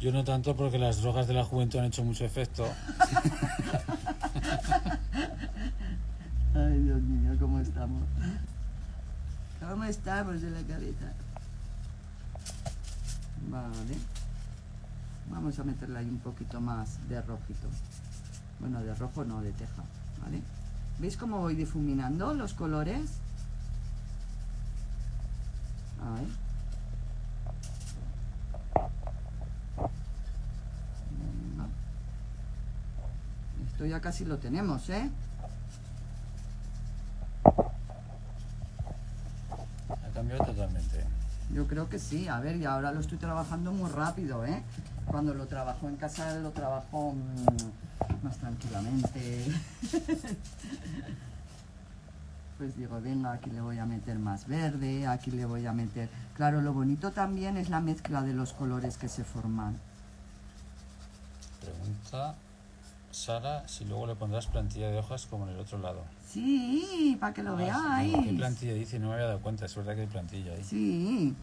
Yo no tanto porque las drogas de la juventud han hecho mucho efecto. (laughs) Ay, Dios mío, ¿cómo estamos? ¿Cómo estamos de la cabeza? Vale. Vamos a meterle ahí un poquito más de rojito. Bueno, de rojo no, de teja, ¿vale? ¿Veis cómo voy difuminando los colores? Ahí. Esto ya casi lo tenemos, ¿eh? Ha cambiado totalmente. Yo creo que sí. A ver, y ahora lo estoy trabajando muy rápido, ¿eh? Cuando lo trabajo en casa lo trabajo mm, más tranquilamente. (laughs) pues digo, venga, aquí le voy a meter más verde, aquí le voy a meter... Claro, lo bonito también es la mezcla de los colores que se forman. Pregunta Sara si luego le pondrás plantilla de hojas como en el otro lado. Sí, para que lo ah, veáis. ¿Qué plantilla dice? No me había dado cuenta, es verdad que hay plantilla ahí. Sí.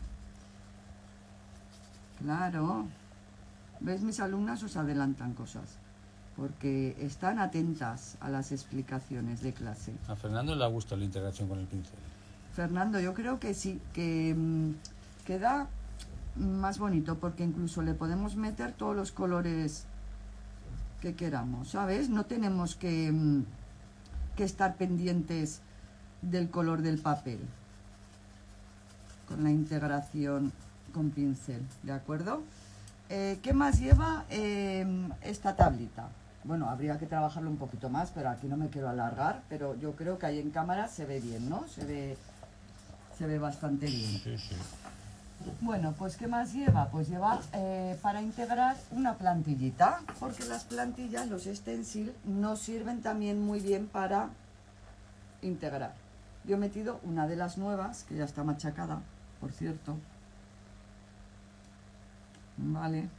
Claro. ¿Ves? Mis alumnas os adelantan cosas porque están atentas a las explicaciones de clase. A Fernando le ha gustado la integración con el pincel. Fernando, yo creo que sí, que mm, queda mm, más bonito porque incluso le podemos meter todos los colores que queramos, ¿sabes? No tenemos que, mm, que estar pendientes del color del papel con la integración con pincel, ¿de acuerdo? Eh, ¿Qué más lleva em, esta tablita? Bueno, habría que trabajarlo un poquito más, pero aquí no me quiero alargar, pero yo creo que ahí en cámara se ve bien, ¿no? Se ve, bastante bien. Sí, sí. Bueno, pues ¿qué más lleva? Pues lleva eh, para integrar una plantillita, porque las plantillas, los stencil, no sirven también muy bien para integrar. Yo he metido una de las nuevas, que ya está machacada, por cierto, ¿vale?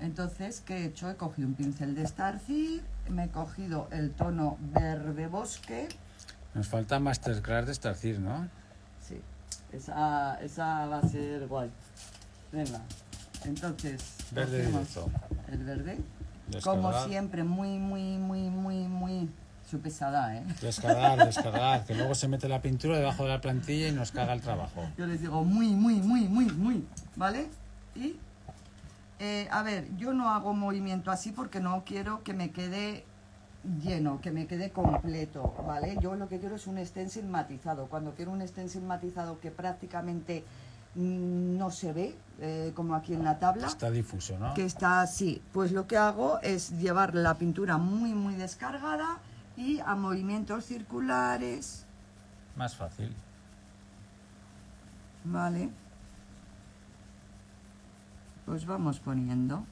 Entonces, ¿qué he hecho? He cogido un pincel de Starcy, me he cogido el tono verde bosque. Nos falta Masterclass de Starcy, ¿no? Sí, esa, esa, va a ser guay. Venga, entonces, el verde. Como siempre, muy, muy, muy, muy, muy su pesada, ¿eh? Descargar, descargar, que luego se mete la pintura debajo de la plantilla y nos caga el trabajo. Yo les digo muy, muy, muy, muy, muy, ¿vale? Y eh, a ver, yo no hago movimiento así porque no quiero que me quede lleno, que me quede completo, ¿vale? Yo lo que quiero es un stencil matizado. Cuando quiero un stencil matizado que prácticamente mm, no se ve, eh, como aquí en la tabla. Está difuso, ¿no? Que está así. Pues lo que hago es llevar la pintura muy, muy descargada y a movimientos circulares. Más fácil. Vale pues vamos poniendo.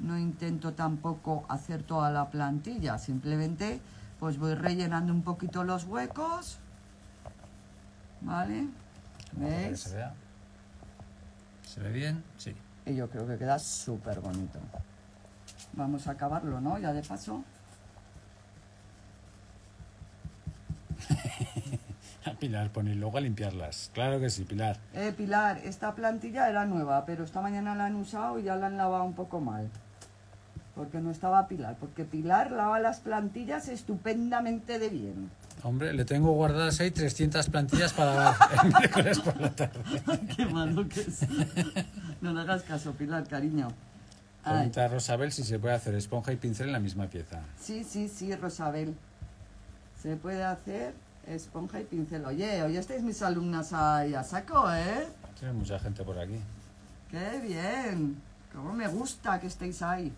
No intento tampoco hacer toda la plantilla, simplemente pues voy rellenando un poquito los huecos. ¿Vale? ¿Veis? Se, se ve bien, sí. Y yo creo que queda súper bonito. Vamos a acabarlo, ¿no? Ya de paso. (laughs) Pilar pone luego a limpiarlas. Claro que sí, Pilar. Eh, Pilar, esta plantilla era nueva, pero esta mañana la han usado y ya la han lavado un poco mal. Porque no estaba Pilar, porque Pilar lava las plantillas estupendamente de bien. Hombre, le tengo guardadas ahí 300 plantillas para (laughs) miércoles por la tarde. Qué malo que es. No le hagas caso, Pilar, cariño. Pregunta a Rosabel si se puede hacer esponja y pincel en la misma pieza. Sí, sí, sí, Rosabel. Se puede hacer Esponja y pincel. Oye, hoy estáis mis alumnas ahí a saco, ¿eh? Tiene mucha gente por aquí. ¡Qué bien! ¡Cómo me gusta que estéis ahí!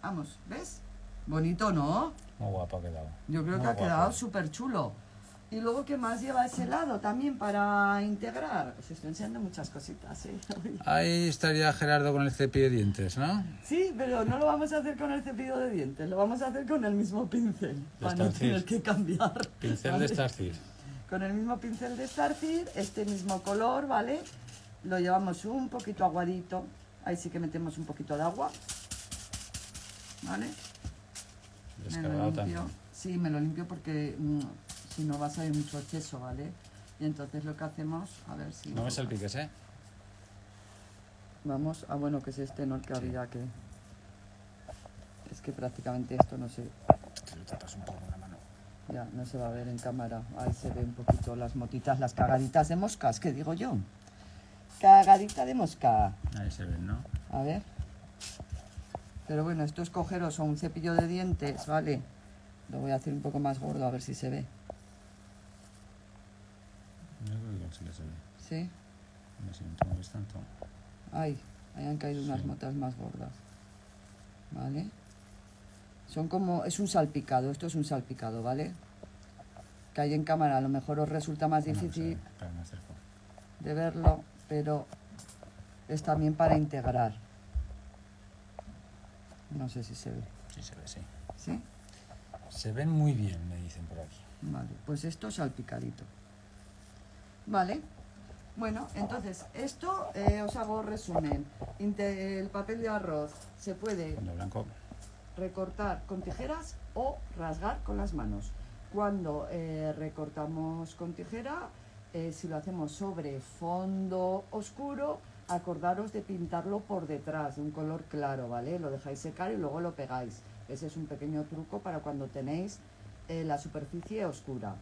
Vamos, ¿ves? Bonito, ¿no? Muy guapo ha quedado. Yo creo que ha quedado súper chulo. Y luego, ¿qué más lleva ese lado también para integrar? Os estoy enseñando muchas cositas. ¿eh? (laughs) Ahí estaría Gerardo con el cepillo de dientes, ¿no? Sí, pero no lo vamos a hacer con el cepillo de dientes, lo vamos a hacer con el mismo pincel, para no tener que cambiar. Pincel de starfish Con el mismo pincel de starfish este mismo color, ¿vale? Lo llevamos un poquito aguadito, ahí sí que metemos un poquito de agua, ¿vale? lo limpio. Sí, me lo limpio porque... Mm, si no vas a salir mucho exceso, ¿vale? Y entonces lo que hacemos, a ver si... No me salpiques, ¿eh? Vamos, a ah, bueno, que es este, no el que había que... Es que prácticamente esto no se... Te lo tratas un poco con la mano. Ya, no se va a ver en cámara. Ahí se ven un poquito las motitas, las cagaditas de moscas, que digo yo. Cagadita de mosca. Ahí se ven, ¿no? A ver. Pero bueno, esto es cogeros o un cepillo de dientes, ¿vale? Lo voy a hacer un poco más gordo a ver si se ve sí me no Ay, hayan caído unas motas más gordas. ¿Vale? Son como, es un salpicado, esto es un salpicado, ¿vale? Que hay en cámara, a lo mejor os resulta más pues, difícil eh, de verlo, pero es también para integrar. No sé si se ve. Sí, se ve, sí. ¿Sí? Se ven muy bien, me dicen por aquí. Vale, pues esto salpicadito. Vale. Bueno, entonces, esto eh, os hago resumen. el papel de arroz se puede recortar con tijeras o rasgar con las manos. Cuando eh, recortamos con tijera, eh, si lo hacemos sobre fondo oscuro, acordaros de pintarlo por detrás, de un color claro, ¿vale? Lo dejáis secar y luego lo pegáis. Ese es un pequeño truco para cuando tenéis la superficie oscura.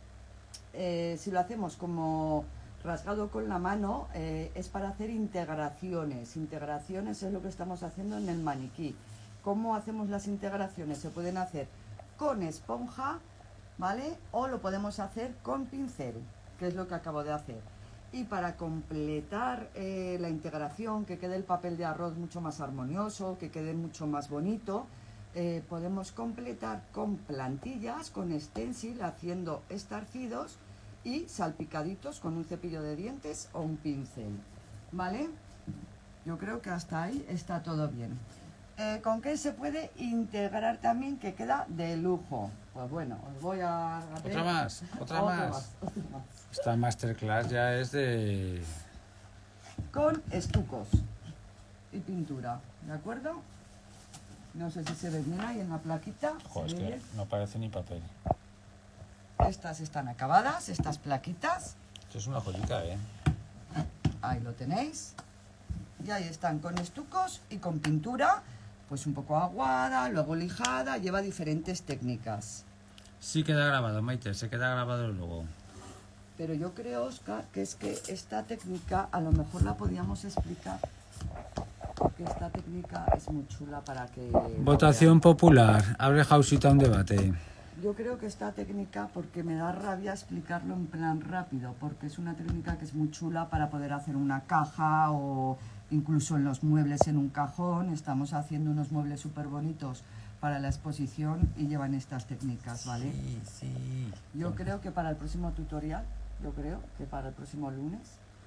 si lo hacemos como rasgado con la mano eh, es para hacer integraciones. Integraciones es lo que estamos haciendo en el maniquí. ¿Cómo hacemos las integraciones? Se pueden hacer con esponja, ¿vale? O lo podemos hacer con pincel, que es lo que acabo de hacer. Y para completar eh, la integración, que quede el papel de arroz mucho más armonioso, que quede mucho más bonito, eh, podemos completar con plantillas, con stencil, haciendo estarcidos, y salpicaditos con un cepillo de dientes o un pincel, ¿vale? Yo creo que hasta ahí está todo bien. Eh, ¿Con qué se puede integrar también que queda de lujo? Pues bueno, os voy a... Otra más, otra, más. Esta masterclass ya es de... Con estucos y pintura, ¿de acuerdo? No sé si se ve bien ahí en la plaquita. no parece ni papel. Estas están acabadas, estas plaquitas. Esto es una joyita, ¿eh? Ahí lo tenéis. Y ahí están con estucos y con pintura, pues un poco aguada, luego lijada, lleva diferentes técnicas. Sí queda grabado, Maite, se queda grabado luego. Pero yo creo, Oscar, que es que esta técnica a lo mejor la podíamos explicar porque esta técnica es muy chula para que... Votación popular. Abre Jausita un debate. Yo creo que esta técnica, porque me da rabia explicarlo en plan rápido, porque es una técnica que es muy chula para poder hacer una caja o incluso en los muebles en un cajón. Estamos haciendo unos muebles súper bonitos para la exposición y llevan estas técnicas, ¿vale? Sí, sí. Yo creo que para el próximo tutorial, yo creo que para el próximo lunes,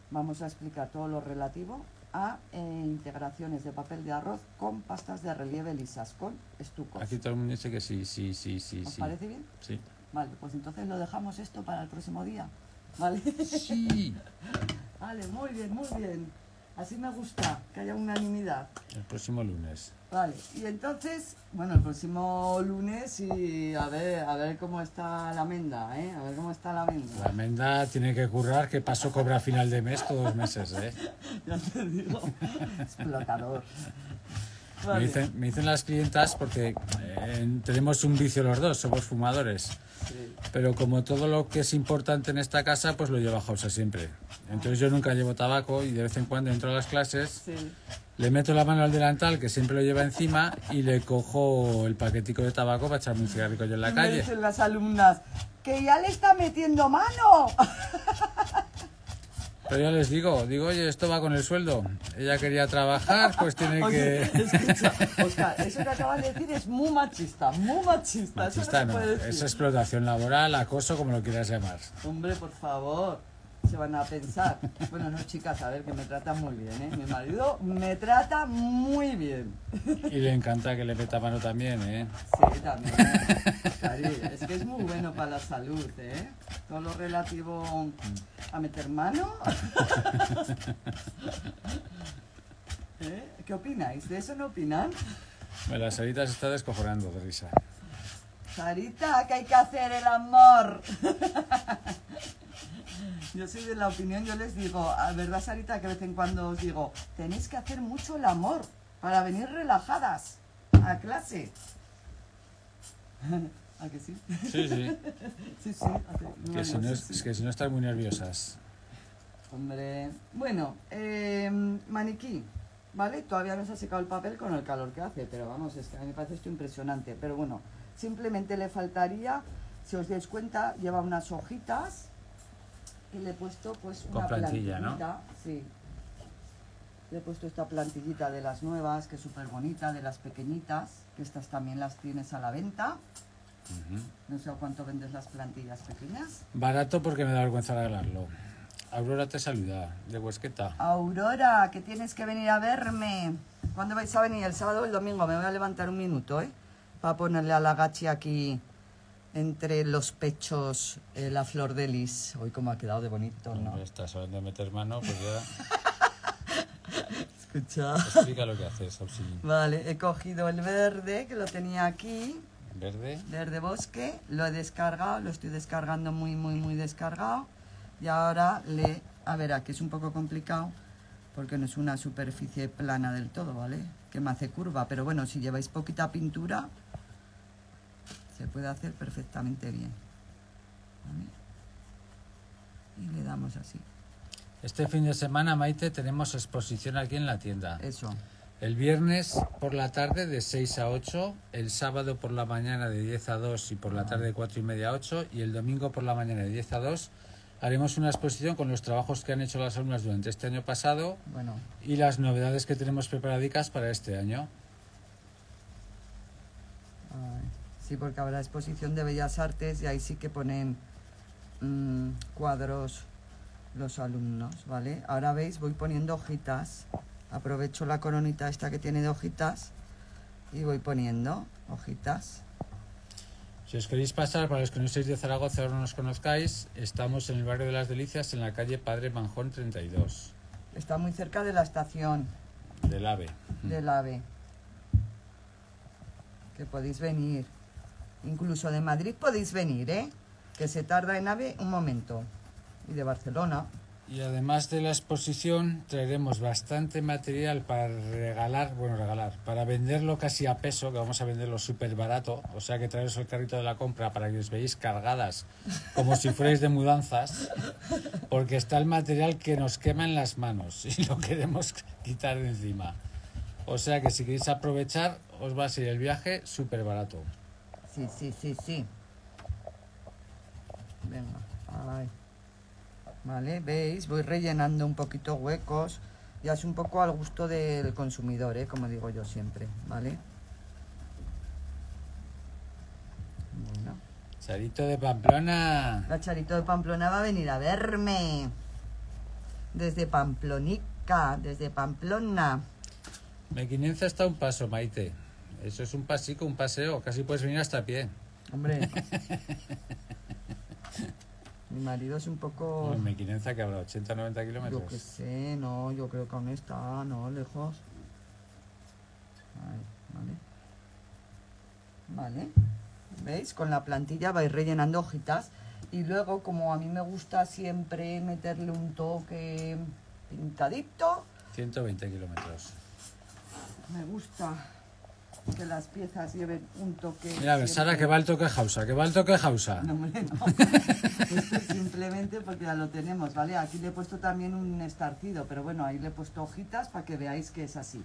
vamos a explicar todo lo relativo a eh, integraciones de papel de arroz con pastas de relieve lisas, con estucos. Aquí todo el mundo dice que sí, sí, sí, sí. ¿Os sí. parece bien? Sí. Vale, pues entonces lo dejamos esto para el próximo día. (laughs) ¿Vale? Sí. (laughs) vale, muy bien, muy bien. Así me gusta, que haya unanimidad. El próximo lunes. Vale, y entonces, bueno, el próximo lunes y a ver, a ver cómo está la menda, ¿eh? A ver cómo está la menda. La menda tiene que currar, que paso cobra final de mes todos los meses, ¿eh? (laughs) ya te digo, explotador. Me, dicen, las clientas porque eh, tenemos un vicio los dos, somos fumadores. Pero como todo lo que es importante en esta casa, pues lo lleva Jausa siempre. Entonces yo nunca llevo tabaco y de vez en cuando entro a las clases, le meto la mano al delantal, que siempre lo lleva encima, y le cojo el paquetico de tabaco para echarme un cigarrillo en la me calle. Dicen las alumnas, que ya le está metiendo mano. (laughs) Pero yo les digo, digo, oye, esto va con el sueldo. Ella quería trabajar, pues tiene (laughs) que. Escucha, (laughs) Oscar, eso que acabas de decir es muy machista, muy machista. Es explotación laboral, acoso, como lo quieras llamar. Hombre, por favor, se van a pensar. Bueno, no, chicas, a ver, que me trata muy bien, ¿eh? Mi marido me trata muy bien. Y le encanta que le meta mano también, ¿eh? Sí, también. (laughs) salud, ¿eh? Todo lo relativo a meter mano. (laughs) ¿Eh? ¿Qué opináis? ¿De eso no opinan? Bueno, Sarita se está descojonando de risa. Sarita, que hay que hacer el amor. (laughs) yo soy de la opinión, yo les digo, ¿verdad Sarita? Que de vez en cuando os digo, tenéis que hacer mucho el amor para venir relajadas a clase. (laughs) ¿A que sí? Sí, sí. (laughs) sí, sí. que si no, es, que si no están muy nerviosas. Hombre. Bueno, em, maniquí. ¿Vale? Todavía no se ha secado el papel con el calor que hace, pero vamos, es que a mí me parece esto impresionante. Pero bueno, simplemente le faltaría, si os dais cuenta, lleva unas hojitas y le he puesto pues una plantilla, ¿no? Sí. Le he puesto esta plantillita de las nuevas, que es súper bonita, de las pequeñitas, que estas también las tienes a la venta. No sé cuánto vendes las plantillas pequeñas. Barato porque me da vergüenza regalarlo. Aurora te saluda, de Huesqueta. Aurora, que tienes que venir a verme. ¿Cuándo vais a venir? El sábado o el domingo. Me voy a levantar un minuto, ¿eh? Para ponerle a la gachi aquí entre los pechos eh, la flor de lis. Hoy como ha quedado de bonito, ¿no? no estás hablando de meter mano, pues (laughs) Escucha. Explica lo que haces, Vale, he cogido el verde, que lo tenía aquí. Verde. Verde Bosque. Lo he descargado, lo estoy descargando muy, muy, muy descargado. Y ahora le... A ver, aquí es un poco complicado porque no es una superficie plana del todo, ¿vale? Que me hace curva, pero bueno, si lleváis poquita pintura se puede hacer perfectamente bien. Y le damos así. Este fin de semana, Maite, tenemos exposición aquí en la tienda. Eso. El viernes por la tarde de 6 a 8, el sábado por la mañana de 10 a 2 y por la tarde de 4 y media a 8 y el domingo por la mañana de 10 a 2 haremos una exposición con los trabajos que han hecho las alumnas durante este año pasado y las novedades que tenemos preparadicas para este año. Sí, porque habrá exposición de Bellas Artes y ahí sí que ponen mm, cuadros los alumnos, ¿vale? Ahora veis, voy poniendo hojitas aprovecho la coronita esta que tiene de hojitas y voy poniendo hojitas. Si os queréis pasar, para los que no sois de Zaragoza o no nos conozcáis, estamos en el barrio de las Delicias, en la calle Padre Manjón 32. Está muy cerca de la estación. Del AVE. Del AVE. Que podéis venir. Incluso de Madrid podéis venir, ¿eh? Que se tarda en AVE un momento. Y de Barcelona. Y además de la exposición, traeremos bastante material para regalar, bueno, regalar, para venderlo casi a peso, que vamos a venderlo súper barato. O sea que traeros el carrito de la compra para que os veáis cargadas, como si fuerais de mudanzas, porque está el material que nos quema en las manos (laughs) y lo queremos quitar de encima. O sea que si queréis aprovechar, os va a salir el viaje súper barato. Sí, sí, sí, sí. Venga, ahí. ¿vale? ¿Veis? Voy rellenando un poquito huecos. Ya es un poco al gusto del consumidor, ¿eh? Como digo yo siempre, ¿vale? Bueno. Charito de Pamplona. La Charito de Pamplona va a venir a verme. Desde Pamplonica, desde Pamplona. Me Mequinenza hasta un paso, Maite. Eso es un pasico, un paseo. Casi puedes venir hasta pie. Hombre. (laughs) Mi marido es un poco... Me Mequinenza que habrá? ¿80, 90 kilómetros? Yo qué sé, no, yo creo que aún está, no, lejos. vale. Vale. ¿Veis? Con la plantilla vais rellenando hojitas. Y luego, como a mí me gusta siempre meterle un toque pintadito... 120 kilómetros. Me gusta que las piezas lleven un toque. Mira, a Sara, que va el toque jausa, que va el toque jausa. No, hombre, no. (laughs) Esto simplemente porque ya lo tenemos, ¿vale? Aquí le he puesto también un estarcido, pero bueno, ahí le he puesto hojitas para que veáis que es así.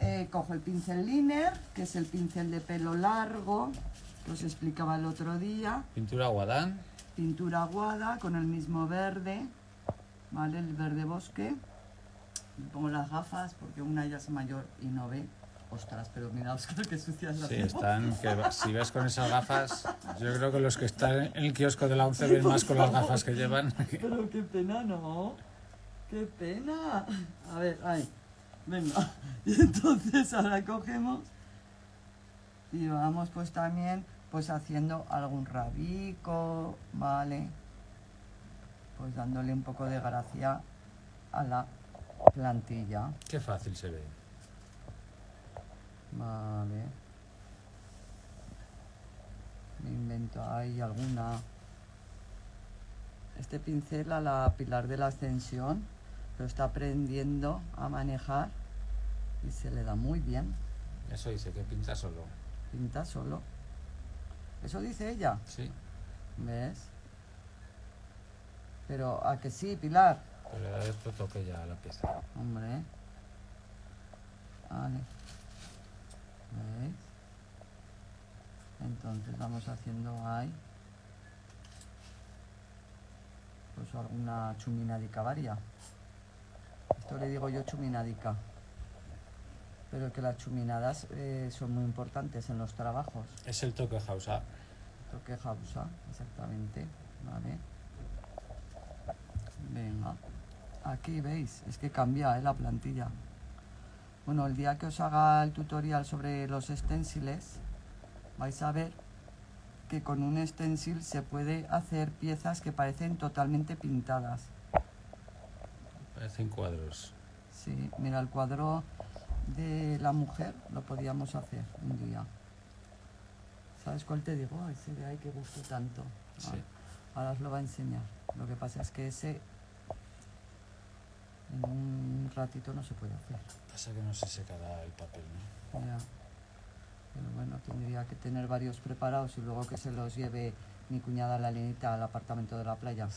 Eh, cojo el pincel liner, que es el pincel de pelo largo, que os explicaba el otro día. Pintura Guadán. Pintura aguada con el mismo verde, ¿vale? El verde bosque. Me pongo las gafas porque una ya es mayor y no ve. Ostras, pero miraos que sucias las Sí, están, si ves con esas gafas, yo creo que los que están en el kiosco de la 11 ven más con las gafas que llevan. Pero qué pena, ¿no? ¡Qué pena! A ver, ahí. Venga. (laughs) Y entonces ahora cogemos y vamos pues también pues haciendo algún rabico, ¿vale? Pues dándole un poco de gracia a la plantilla. Qué fácil se ve. Vale. Me invento hay alguna. Este pincel a la pilar de la ascensión lo está aprendiendo a manejar y se le da muy bien. Eso dice que pinta solo. Pinta solo. Eso dice ella. Sí. ¿Ves? Pero a que sí, Pilar. Pero esto toque ya la pieza. Hombre. Vale. Entonces vamos haciendo ahí pues alguna chuminadica varia. Esto le digo yo chuminadica. Pero que las chuminadas eh, son muy importantes en los trabajos. Es el toque jausa. Toque jausa, exactamente. Venga. Aquí veis, es que cambia eh, la plantilla. Bueno, el día que os haga el tutorial sobre los esténciles, vais a ver que con un stencil se puede hacer piezas que parecen totalmente pintadas. Parecen cuadros. Sí, mira, el cuadro de la mujer lo podíamos hacer un día. ¿Sabes cuál te digo? Ese de ahí que gustó tanto. Sí. Ahora, os lo va a enseñar. Lo que pasa es que ese en un ratito no se puede hacer. Pasa que no se secará el papel, ¿no? Pero bueno, tendría que tener varios preparados y luego que se los lleve mi cuñada la linita al apartamento de la playa.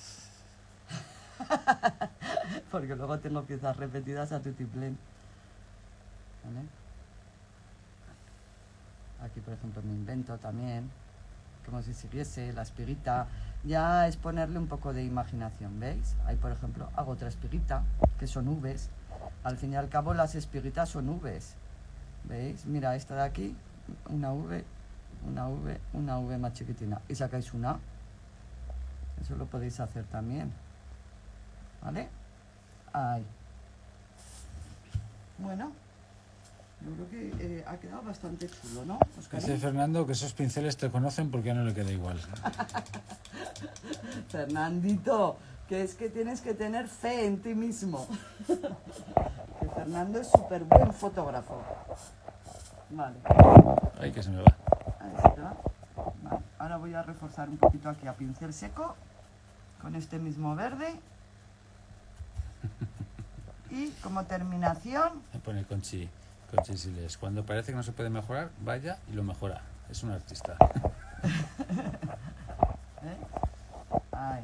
(laughs) Porque luego tengo piezas repetidas a tu ¿Vale? Aquí, por ejemplo, me invento también, como si sirviese la espirita, ya es ponerle un poco de imaginación, ¿veis? Ahí, por ejemplo, hago otra espiguita, que son Vs. Al fin y al cabo, las espiguitas son Vs. ¿Veis? Mira, esta de aquí, una V, una V, una V más chiquitina. Y sacáis una. Eso lo podéis hacer también. ¿Vale? Ahí. Bueno yo creo que eh, ha quedado bastante chulo, ¿no? Dice Fernando que esos pinceles te conocen porque no le queda igual. (laughs) Fernandito, que es que tienes que tener fe en ti mismo. (laughs) que Fernando es súper buen fotógrafo. Vale. Ay, que se me va. Ahí se Ahora voy a reforzar un poquito aquí a pincel seco con este mismo verde. (laughs) y como terminación... Me pone conchi con Cuando parece que no se puede mejorar, vaya y lo mejora. Es un artista. (laughs) ¿Eh? Ay.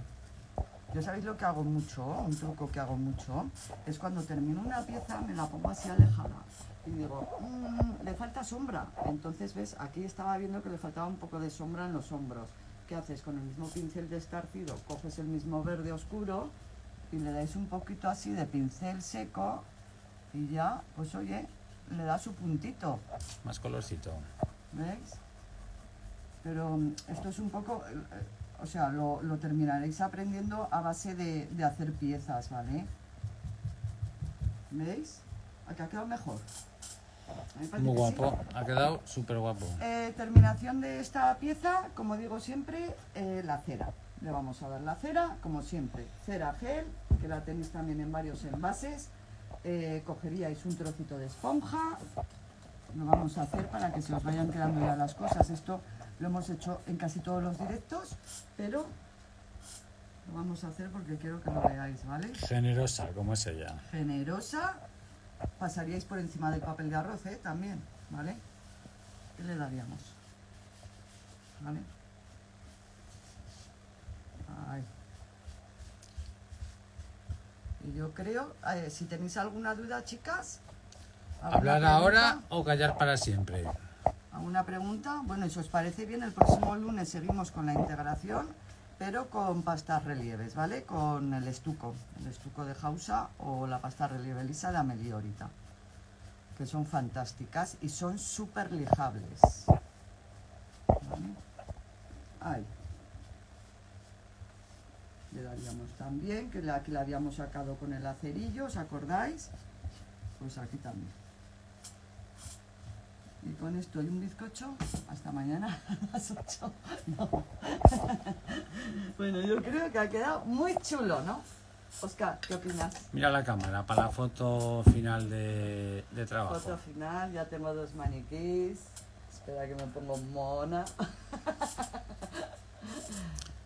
Yo sabéis lo que hago mucho, un truco que hago mucho, es cuando termino una pieza me la pongo así alejada y digo, mm, le falta sombra. Entonces, ves, aquí estaba viendo que le faltaba un poco de sombra en los hombros. ¿Qué haces? Con el mismo pincel de estarcido coges el mismo verde oscuro y le dais un poquito así de pincel seco y ya, pues oye, le da su puntito. Más colorcito. ¿Veis? Pero um, esto es un poco, eh, eh, o sea, lo, lo terminaréis aprendiendo a base de, de, hacer piezas, ¿vale? ¿Veis? Aquí ha quedado mejor. Muy guapo, ha quedado súper guapo. Eh, terminación de esta pieza, como digo siempre, la cera. Le vamos a dar la cera, como siempre, cera gel, que la tenéis también en varios envases. Eh, cogeríais un trocito de esponja, lo vamos a hacer para que se os vayan quedando ya las cosas. Esto lo hemos hecho en casi todos los directos, pero lo vamos a hacer porque quiero que lo veáis, ¿vale? Generosa, ¿cómo es ella? Generosa, pasaríais por encima del papel de arroz, ¿eh? También, ¿vale? ¿Qué le daríamos? ¿Vale? Y yo creo, eh, si tenéis alguna duda, chicas. Hablar ahora o callar para siempre. ¿Alguna pregunta? Bueno, si os parece bien, el próximo lunes seguimos con la integración, pero con pastas relieves, ¿vale? Con el estuco, el estuco de Jausa o la pasta relieve lisa de Ameliorita, que son fantásticas y son súper lijables le daríamos también, que la que la habíamos sacado con el acerillo, ¿os acordáis? Pues aquí también. Y con esto hay un bizcocho, hasta mañana (laughs) a las 8. (laughs) bueno, yo creo que ha quedado muy chulo, ¿no? Oscar, ¿qué opinas? Mira la cámara para la foto final de, de trabajo. Foto final, ya tengo dos maniquís. Espera que me pongo mona. (laughs)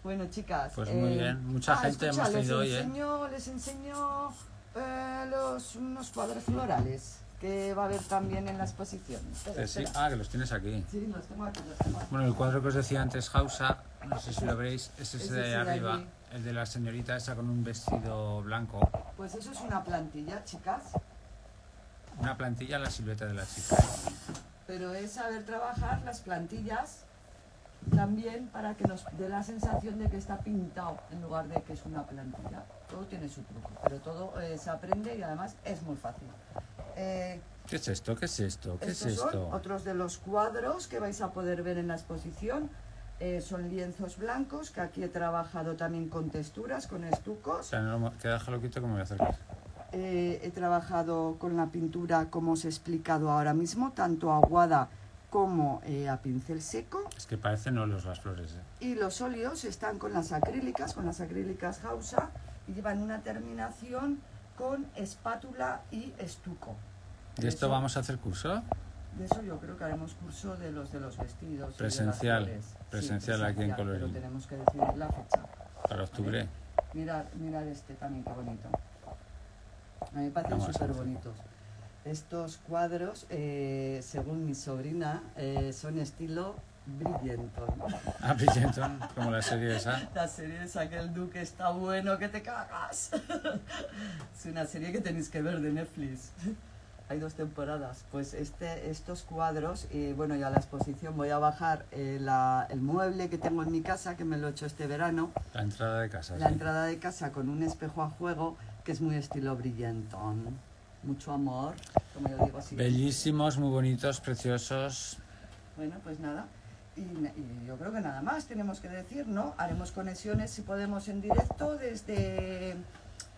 Bueno, chicas. Pues muy eh, bien, mucha ah, gente hemos tenido hoy. ¿eh? Les enseño eh, los, unos cuadros florales que va a haber también en la exposición. Ah, que los tienes aquí. Sí, los tengo aquí, Bueno, el cuadro que os decía antes, Hausa, no sé si lo veréis, es ese, de arriba, el de la señorita esa con un vestido blanco. Pues eso es una plantilla, chicas. Una plantilla, la silueta de la chica. Pero es saber trabajar las plantillas también para que nos dé la sensación de que está pintado en lugar de que es una plantilla. Todo tiene su truco, pero todo eh, se aprende y además es muy fácil. Eh, ¿Qué es esto? ¿Qué es esto? ¿Qué es esto? Son otros de los cuadros que vais a poder ver en la exposición. Eh, son lienzos blancos que aquí he trabajado también con texturas, con estucos. déjalo que me voy a acercar. he trabajado con la pintura como os he explicado ahora mismo, tanto aguada como eh, a pincel seco. Es que parecen los las flores. Eh. Y los óleos están con las acrílicas, con las acrílicas jausa y llevan una terminación con espátula y estuco. ¿De, esto vamos a hacer curso? De eso yo creo que haremos curso de los de los vestidos. Presencial, presencial, aquí en Colorín. tenemos que decidir la fecha. Para octubre. Mirad, mirad este también, qué bonito. A mí me parecen súper bonitos. Estos cuadros, eh, según mi sobrina, eh, son estilo Bridgerton. Ah, Bridgerton, como la serie esa. (laughs) La serie esa que el duque está bueno, que te cagas. (laughs) Es una serie que tenéis que ver de Netflix. (laughs) Hay dos temporadas. Pues este, estos cuadros, eh, y bueno, ya la exposición voy a bajar el mueble que tengo en mi casa, que me lo he hecho este verano. La entrada de casa. La entrada de casa con un espejo a juego, que es muy estilo brillantón mucho amor, como yo digo. Así Bellísimos, muy bonitos, preciosos. Bueno, pues nada. Y, yo creo que nada más tenemos que decir, ¿no? Haremos conexiones si podemos en directo desde...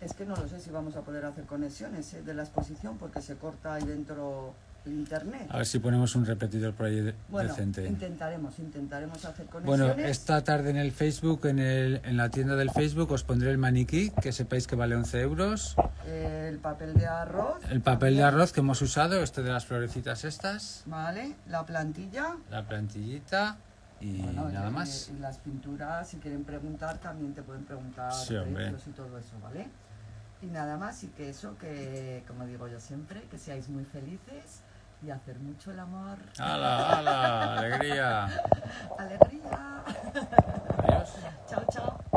Es que no lo sé si vamos a poder hacer conexiones ¿eh? de la exposición porque se corta ahí dentro internet. A ver si ponemos un repetidor por ahí bueno, decente. Intentaremos, intentaremos hacer conexiones. Bueno, esta tarde en el Facebook, en, el, en la tienda del Facebook, os pondré el maniquí, que sepáis que vale 11 euros. El papel de arroz. El papel de arroz que hemos usado, este de las florecitas estas. Vale, la plantilla. La plantillita. Y nada más. Y las pinturas, si quieren preguntar, también te pueden preguntar sí, y todo eso, ¿vale? Y nada más, y que eso, que como digo yo siempre, que seáis muy felices y hacer mucho el amor. ¡Hala, hala! ¡Alegría! (laughs) ¡Alegría! Adiós. Chao, chao.